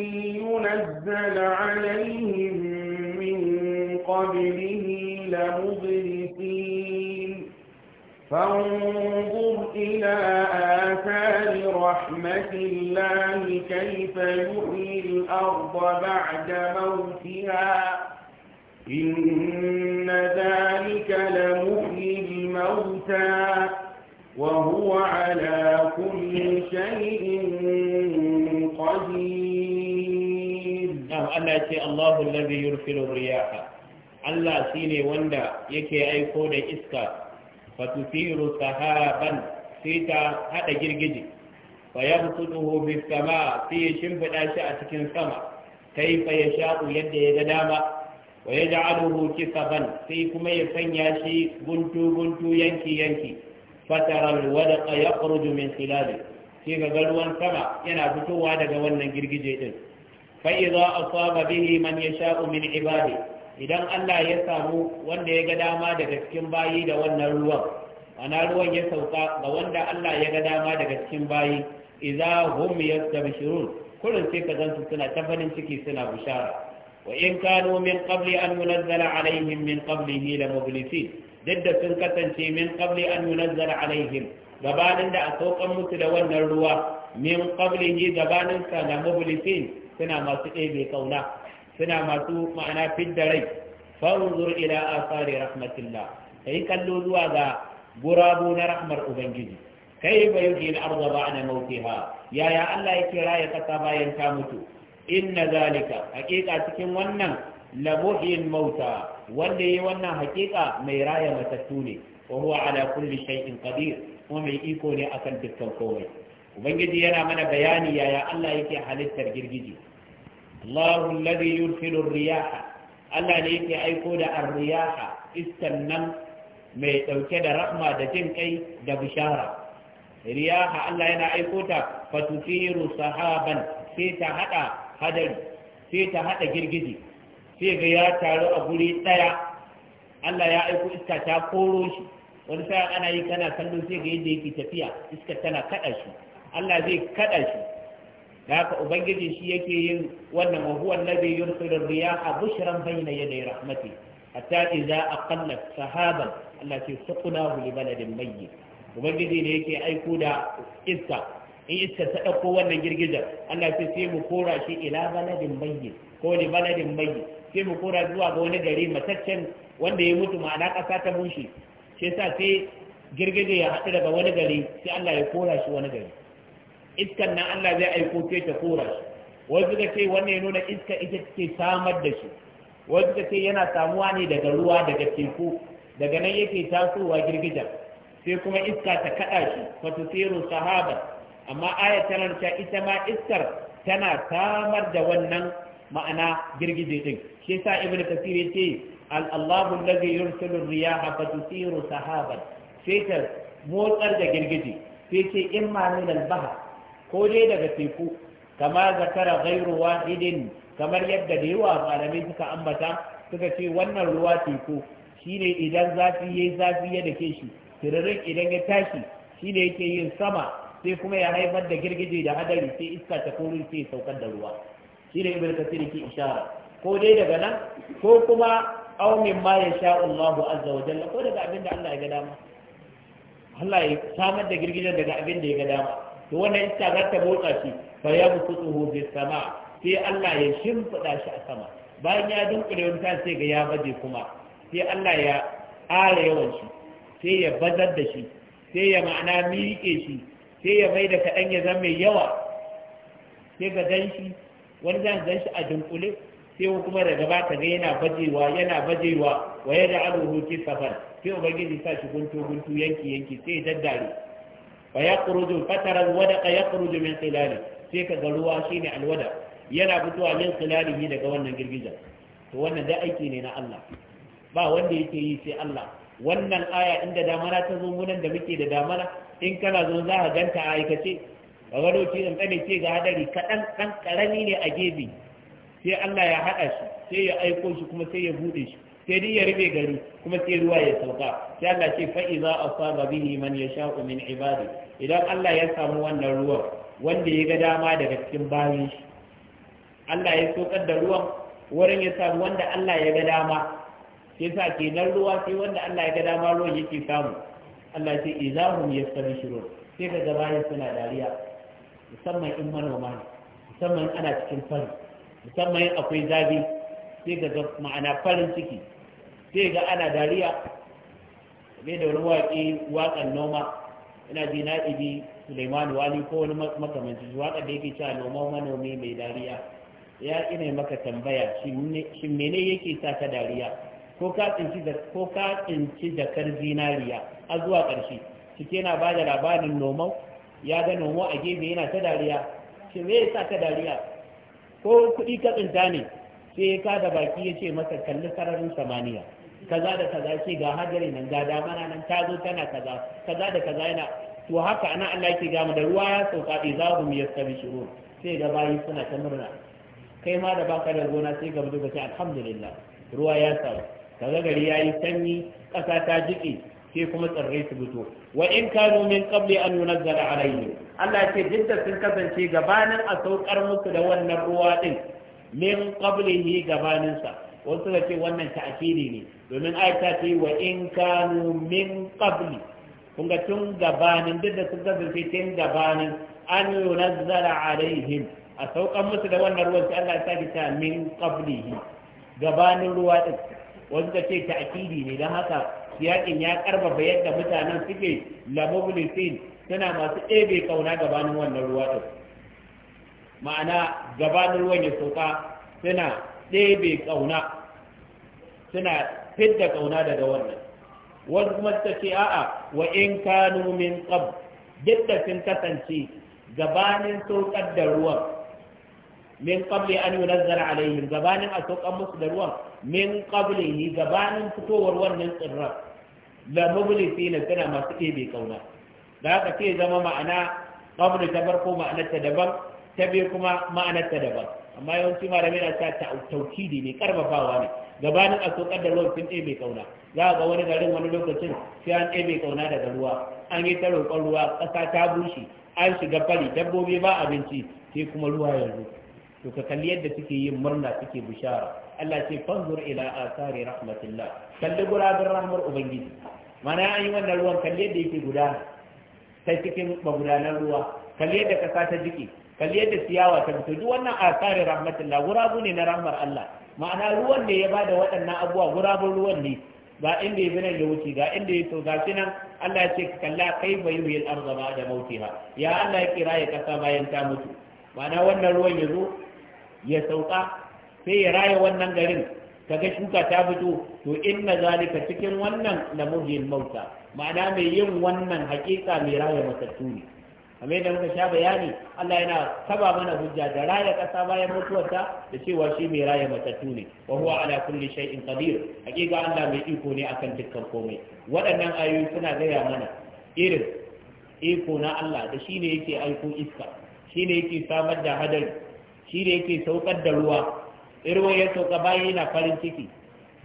ينزل عليهم من قبله لمبلسين فانظر إلى آثار رحمة الله كيف يحيي الأرض بعد موتها إن ذلك لمحيي الموتى وهو على كل شيء قدير نعم الله يتي الله الذي يرسل الرياح الله سيني وندا يكي أيكو دا إسكا فتثير سحابا سيتا هذا جرجدي فيبسطه في السماء في شنف الأشياء تكن سما كيف يشاء يده يدداما ويجعله كسبا سيكما يسنياشي بنتو بنتو ينكي ينكي فترى الودق يخرج من خلاله sai ga ruwan sama yana fitowa daga wannan girgije din fa idza asaba bihi man yasha'u min ibadi idan Allah ya samu wanda ya ga dama daga cikin bayi da wannan ruwan ana ruwan ya sauka ga wanda Allah ya ga dama daga cikin bayi idza hum yastabshirun kullun sai ka zansu suna ta farin ciki suna bishara wa in kanu min qabli an yunazzala alaihim min qablihi la mublisin jadda sun kasance min qabli an yunazzala alaihim gabanin da a saukan musu da wannan ruwa min ne gabanin sa da mublisin suna masu ɗebe kauna suna masu ma'ana fidda rai fanzur ila asari rahmatillah kai kallo zuwa ga gurabu na rahmar ubangiji kai bai yi al na ba'da mautiha yaya Allah yake raya kasa bayan ta mutu inna zalika hakika cikin wannan la muhyil mauta wanda yayi wannan hakika mai raya matattu ne wa huwa ala kulli shay'in qadir kuma mai iko ne akan dukkan komai ubangiji yana mana bayani yaya Allah yake halittar girgije Allahu alladhi yursilu riyaha Allah ne yake aiko da ar-riyaha iskan nan mai dauke da rahma da jin kai da bishara riyaha Allah yana aiko ta fatusiru sahaban sai ta hada hadari sai ta hada sai ga ya taru a guri ɗaya Allah ya aiko iska ta koro shi wani sa'a ana yi kana kallo sai ga yadda yake tafiya iska tana kaɗa shi Allah zai kaɗa shi da haka ubangiji shi yake yin wannan wa huwa alladhi yursilu riyaha bushran bayna yaday rahmati hatta idza aqallat sahaban Allah ce suqnahu li baladin mayyit ubangiji ne yake aiko da iska in iska ta ɗauko wannan girgizar Allah sai sai mu kora shi ila baladin mayyit ko li baladin mayyit sai mu kora zuwa ga wani gari mataccen wanda ya mutu ma'ana ƙasa ta bushe shi yasa sai girgije ya haɗu daga wani gari sai Allah ya kora shi wani gari iskan nan Allah zai aiko ce ta kora shi wasu da ce ya nuna iska ita take samar da shi wasu da ce yana samuwa ne daga ruwa daga teku daga nan yake tasowa girgija sai kuma iska ta kaɗa shi fatusiru sahaba amma ayat ta ita ma iskar tana samar da wannan ma'ana girgije din shi yasa ibnu kasir yace al allahu allazi yursilu riyaha fatusiru sahaban sai ta motsar da girgije sai ce in ma min al bahr ko dai daga teku kama zakara ghairu wahidin kamar yadda da yawa malamai suka ambata suka ce wannan ruwa teku shine idan zafi yayi zafi ya dake shi tiririn idan ya tashi shine yake yin sama sai kuma ya haifar da girgije da hadari sai iska ta koru sai saukar da ruwa shi ne ibn kasir ke ishara ko dai daga nan ko kuma aw min ma yasha Allahu azza wa jalla ko daga abinda Allah ya ga dama Allah ya samar da girgijen daga abinda ya ga dama to wannan ita za ta motsa shi fa busuhu bis sama sai Allah ya shimfida shi a sama bayan ya dunkule wani ta sai ga ya baje kuma sai Allah ya ƙara yawan shi sai ya bazar da shi sai ya ma'ana miƙe shi sai ya mai da kaɗan ya zama mai yawa sai ga dan shi wani zan gan shi a dunkule sai kuma da gaba ka ga yana bajewa yana bajewa wa ya da aluhu fi safar sai ubangiji sa shi guntu guntu yanki yanki sai daddare fa yakhruju fataran wadaqa yakhruju min khilali sai ka ga ruwa shine alwada yana fitowa min khilalihi daga wannan girgiza to wannan da aiki ne na Allah ba wanda yake yi sai Allah wannan aya inda damana ta zo munan da muke da damana in kana zo za ka ganta a aikace a gado cizon tsane ce ga hadari kaɗan ɗan ƙarami ne a gefe sai Allah ya haɗa shi sai ya aiko shi kuma sai ya buɗe shi sai dai ya rube gari kuma sai ruwa ya sauka sai Allah ce fa iza asaba bihi man yasha'u min ibadi idan Allah ya samu wannan ruwan wanda ya ga dama daga cikin bayin shi Allah ya sokar da ruwan wurin ya samu wanda Allah ya ga dama sai sa nan ruwa sai wanda Allah ya ga dama ruwan yake samu Allah sai idza hum yastabshirun sai gaba bayin suna dariya musamman in manoma ne musamman ana cikin fari musamman in akwai zafi sai ga ma'ana farin ciki sai ga ana dariya ne da wani waƙi waƙan noma ina ji na ibi Suleiman Wali ko wani makamancin waƙa da yake cewa noma manomi mai dariya ya ina maka tambaya shin mene yake sa ka dariya ko ka tsinci da ko ka tsinci jakar zinariya a zuwa ƙarshe cike na bada labarin noma? ya ga nomo a gefe yana ta dariya shi me yasa ta dariya ko kuɗi ka tsinta ne sai ya kada baki ya ce masa kalli sararin samaniya kaza da kaza ce ga hadari nan ga damana nan ta zo tana kaza kaza da kaza yana to haka ana Allah yake mu da ruwa ya sauka mu izahum yastabshirun sai ga bayi suna ta murna kai ma da baka da gona sai ga mutum ka alhamdulillah ruwa ya sauka kaga gari yayi sanyi kasa ta jiƙe sai kuma tsirrai su fito wa in kanu min qabli an yunzala alaihim Allah ya ce jidda sun kasance gabanin a saukar musu da wannan ruwa din min qablihi gabanin sa wasu suka ce wannan ta'kidi ne domin ayata ta yi wa in kanu min qabli kun ga tun gabanin duk da sun kasance tun gabanin an yunzala alaihim a saukan musu da wannan ruwan sai Allah ya sake ta min qablihi gabanin ruwa din wanda ce ta'kidi ne dan haka yakin ya karfafa yadda mutanen suke lamublisin suna masu ɗebe kauna gabanin wannan ruwa ɗin ma'ana gabanin ruwan ya soka suna ɗebe kauna suna fidda kauna daga wannan wasu kuma suka ce a'a wa in kanu min qab da sun kasance gabanin saukar da ruwan min qabli an yunazzala alaihim gabanin a saukar musu da ruwan min qablihi gabanin fitowar wannan tsirran la na tana masu ɗebe kauna da haka sai zama ma'ana qabl ta farko ma'anarta daban ta biyu kuma ma'anarta daban amma yawanci malamai na sa ta taukidi ne karfafawa ne gabanin a sokar da lokacin sun ɗebe kauna za a ga wani garin wani lokacin sai an ɗebe kauna daga ruwa an yi ta roƙon ruwa ƙasa ta bushe an shiga fari dabbobi ba abinci sai kuma ruwa yanzu to ka kalli yadda suke yin murna suke bishara Allah ce fanzur ila asari rahmatillah kalli gurabin rahmar ubangiji mana an yi wannan ruwan kalli yadda yake gudana ta cikin magudanar ruwa kalli yadda kasa ta jiki kalli yadda ciyawa ta fito duk wannan asari rahmatillah gurabu ne na rahmar Allah ma'ana ruwan da ya bada waɗannan abubuwa gurabun ruwan ne ga inda ya binan ya wuce ga inda ya to ga shi nan Allah ya ce kalla kai bai yi al ba da mautiha ya Allah ya kira ya kasa bayan ta mutu ma'ana wannan ruwan ya zo ya sauka sai ya raya wannan garin kaga shuka ta fito to inna zalika cikin wannan la muhyil mauta ma'ana mai yin wannan hakika mai raya matattu ne kamar yadda muka sha bayani Allah yana saba mana hujja da raya kasa bayan mutuwarta da cewa shi mai raya matattu ne wa huwa ala kulli shay'in qadir hakika Allah mai iko ne akan dukkan komai waɗannan ayoyi suna gaya mana irin iko na Allah da shine yake aiko iska shine yake samar da hadari shine yake saukar da ruwa wani ya sauka bayi na farin ciki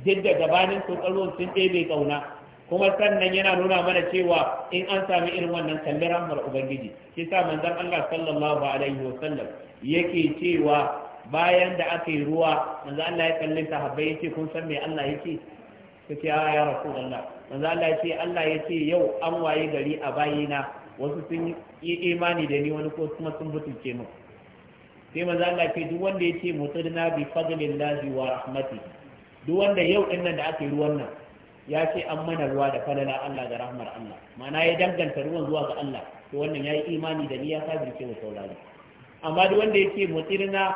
duk da gabanin saukar sun ɗebe ƙauna kuma sannan yana nuna mana cewa in an sami irin wannan kalli rahmar ubangiji shi sa manzon Allah sallallahu alaihi wa sallam yake cewa bayan da aka yi ruwa manzon Allah ya kalli sahabbai ce kun san me Allah yake kace a ya rasulullah manzon Allah yace Allah ce yau an waye gari a bayina wasu sun yi imani da ni wani ko kuma sun butulce mu sai manzo Allah ce duk wanda ya yace mutirna bi fadlillahi wa rahmatihi duk wanda yau din nan da aka yi ruwan nan ya ce an mana ruwa da falala Allah da rahmar Allah ma'ana ya danganta ruwan zuwa ga Allah to wannan yayi imani da ya sa jirke wa saurari amma duk wanda yace mutirna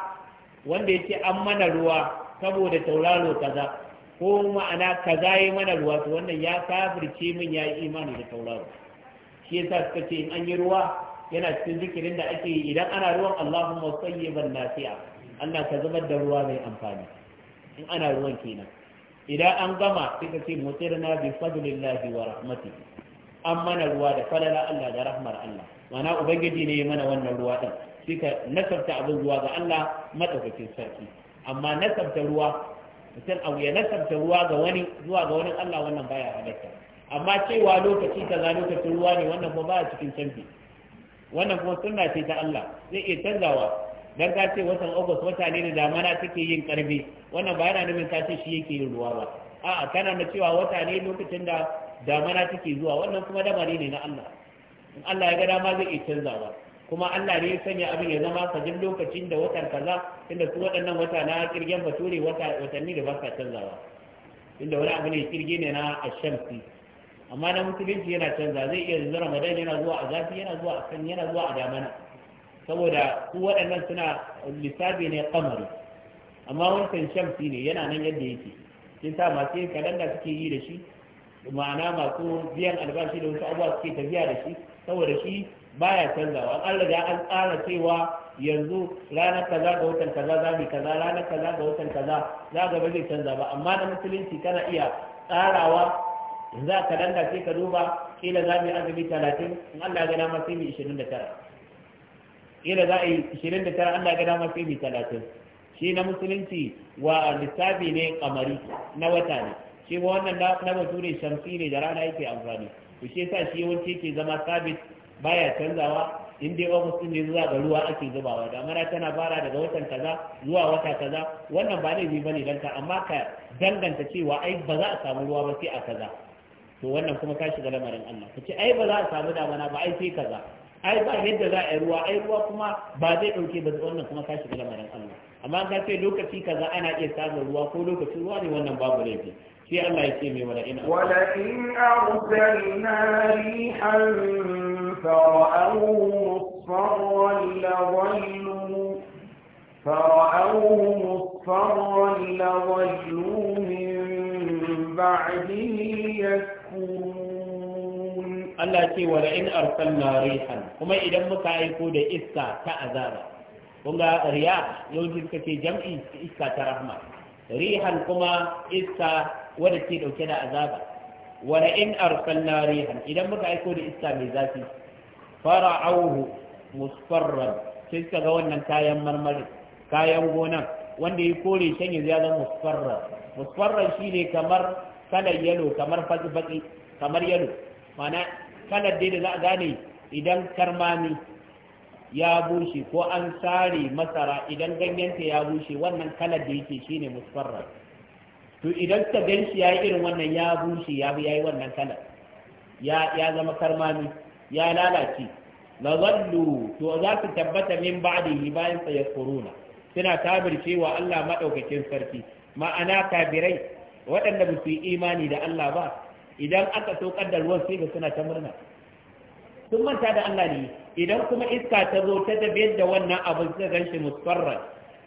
wanda ce an mana ruwa saboda tauraro kaza ko ma'ana kaza yi mana ruwa to wannan ya kafirce min yayi imani da tauraro shi yasa suka ce in an yi ruwa yana cikin zikirin da ake yi idan ana ruwan Allahumma tayyiban nafi'a Allah ka zubar da ruwa mai amfani in ana ruwan kenan idan an gama sai ka ce mutirna bi fadlillahi wa rahmati an mana ruwa da falala Allah da rahmar Allah mana ubangiji ne ya mana wannan ruwa din sai ka nasabta abin ruwa ga Allah madaukakin sarki amma nasabta ruwa mutum abu ya nasabta ruwa ga wani zuwa ga wani Allah wannan baya halatta amma cewa lokaci kaza lokacin ruwa ne wannan ba baya cikin canji. wannan kuma sunna ce ta Allah zai iya canzawa dan ka ce watan August wata ne da damana take yin karfi wannan ba yana nufin ka ce shi yake yin ruwa ba a'a kana na cewa wata ne lokacin da damana take zuwa wannan kuma damari ne na Allah in Allah ya ga dama zai iya canzawa kuma Allah ne ya sanya abin ya zama jin lokacin da watan kaza inda su waɗannan wata na kirgen bature watanni da ba sa canzawa inda wani abu ne kirge ne na ashamsi amma na musulunci yana canza zai iya zuwa ramadan yana zuwa a zafi yana zuwa a kan yana zuwa a damana saboda su waɗannan suna lissafi ne kamari amma wancan shamsi ne yana nan yadda yake sun sa masu yin da suke yi da shi ma'ana masu biyan albashi da wasu abubuwa suke tafiya da shi saboda shi baya canzawa an riga an tsara cewa yanzu ranar kaza ga watan kaza za mu kaza ranar kaza ga watan kaza za ga ba zai canza ba amma na musulunci kana iya tsarawa Za ka danda sai ka duba kila za mu yi azumi talatin in Allah ya ga dama sai mu ishirin da tara kila za a yi ishirin da tara Allah ya ga dama sai mu talatin shi na musulunci wa lissafi ne kamari na wata ne shi ma wannan na ne shamsi ne da rana yake amfani ku shi yasa shi yawanci yake zama sabit baya canzawa in dai ofis din ne zuwa ga ruwa ake zubawa da mara tana fara daga watan kaza zuwa wata kaza wannan ba laifi bane dan ka amma ka danganta cewa ai ba za a samu ruwa ba sai a kaza to wannan kuma ka shiga lamarin Allah ka ce ai ba za a samu damana ba ai sai kaza ai ba yadda za a yi ruwa ai ruwa kuma ba zai ɗauke ba wannan kuma ka shiga lamarin Allah amma ka ce lokaci kaza ana iya samun ruwa ko lokacin ruwa ne wannan babu laifi sai Allah ya ce mai wala in wala in arsalna rihan fara'ahu musfarran la dhallu فرأوه مصفرا لظلوا من بعده يسكرون Allah ce wa in na rihan kuma idan muka aiko da iska ta azaba kun ga riya yawanci suka ce jam'i iska ta rahma rihan kuma iska wadda ke dauke da azaba wa in na rihan idan muka aiko da iska mai zafi fara'auhu musfarran sai suka ga wannan kayan marmarin kayan gonan wanda ya kore shan ya zama musfarran musfarran shine kamar kalar yalo kamar fatsi-fatsi kamar yalo mana kalar dai da za a gane idan karmami ya bushe ko an sare masara idan ganyenta ya bushe wannan kalar da yake shine musfarra to idan ta ganshi yayi irin wannan ya bushe ya yayi wannan kalar ya ya zama karmami ya lalace la zallu to za su tabbata min ba'dihi bayan sa yakuruna suna tabircewa Allah madaukakin sarki ma'ana kabirai waɗanda ba su yi imani da Allah ba idan aka saukar da ruwan sai ga suna ta murna sun manta da Allah ne idan kuma iska ta zo ta tafiyar da wannan abin suka gan shi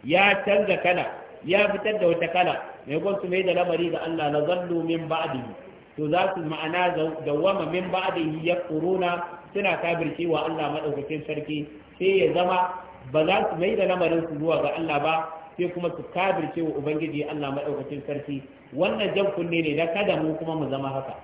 ya canza kala ya fitar da wata kala mai gwan su mai da lamari da Allah la zallu min ba'dihi to za su ma'ana dawwama min ba'dihi yaquruna suna kafirci wa Allah madaukakin sarki sai ya zama ba za su mai da lamarin su zuwa ga Allah ba sai kuma su kabirce wa ubangiji Allah maɗaukacin sarki wannan jan kunne ne da kada mu kuma mu zama haka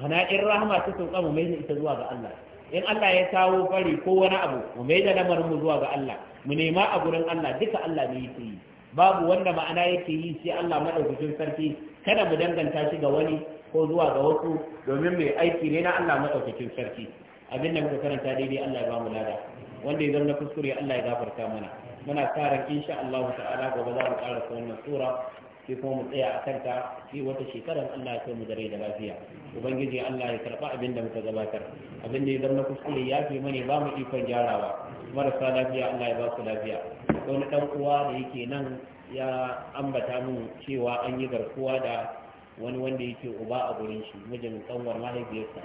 hana in rahama ta sauka mu maida ita zuwa ga Allah in Allah ya kawo fari ko wani abu mu maida lamarin mu zuwa ga Allah mu nema a gurin Allah duka Allah ne yake yi babu wanda ma'ana yake yi sai Allah maɗaukacin sarki kada mu danganta shi ga wani ko zuwa ga wasu domin mai aiki ne na Allah maɗaukacin sarki abin da muka karanta daidai Allah ya ba mu lada wanda ya zama kuskure Allah ya gafarta mana muna karan insha Allah ta'ala gaba za mu su wannan sura sai kuma mu tsaya a kanta sai wata shekarar Allah ya kai mu da rai da lafiya ubangiji Allah ya karba abin da muka gabatar abin da ya zama kuskure ya fi mani ba mu ikon gyarawa marasa lafiya Allah ya ba su lafiya wani dan uwa da yake nan ya ambata mu cewa an yi garkuwa da wani wanda yake uba a gurin shi mijin kanwar mahaifiyarsa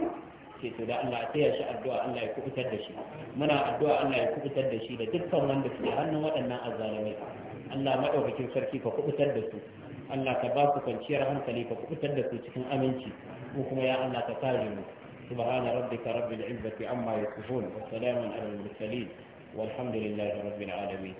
ce to da Allah ya shi addu'a Allah ya kubutar da shi muna addu'a Allah ya kubutar da shi da dukkan wanda suke hannun waɗannan azalami Allah madaukakin sarki ka kubutar da su Allah ka ba su kwanciyar hankali ka kubutar da su cikin aminci mu kuma ya Allah ka kare mu سبحان ربك رب amma عما يصفون وسلام على mursalin والحمد لله رب العالمين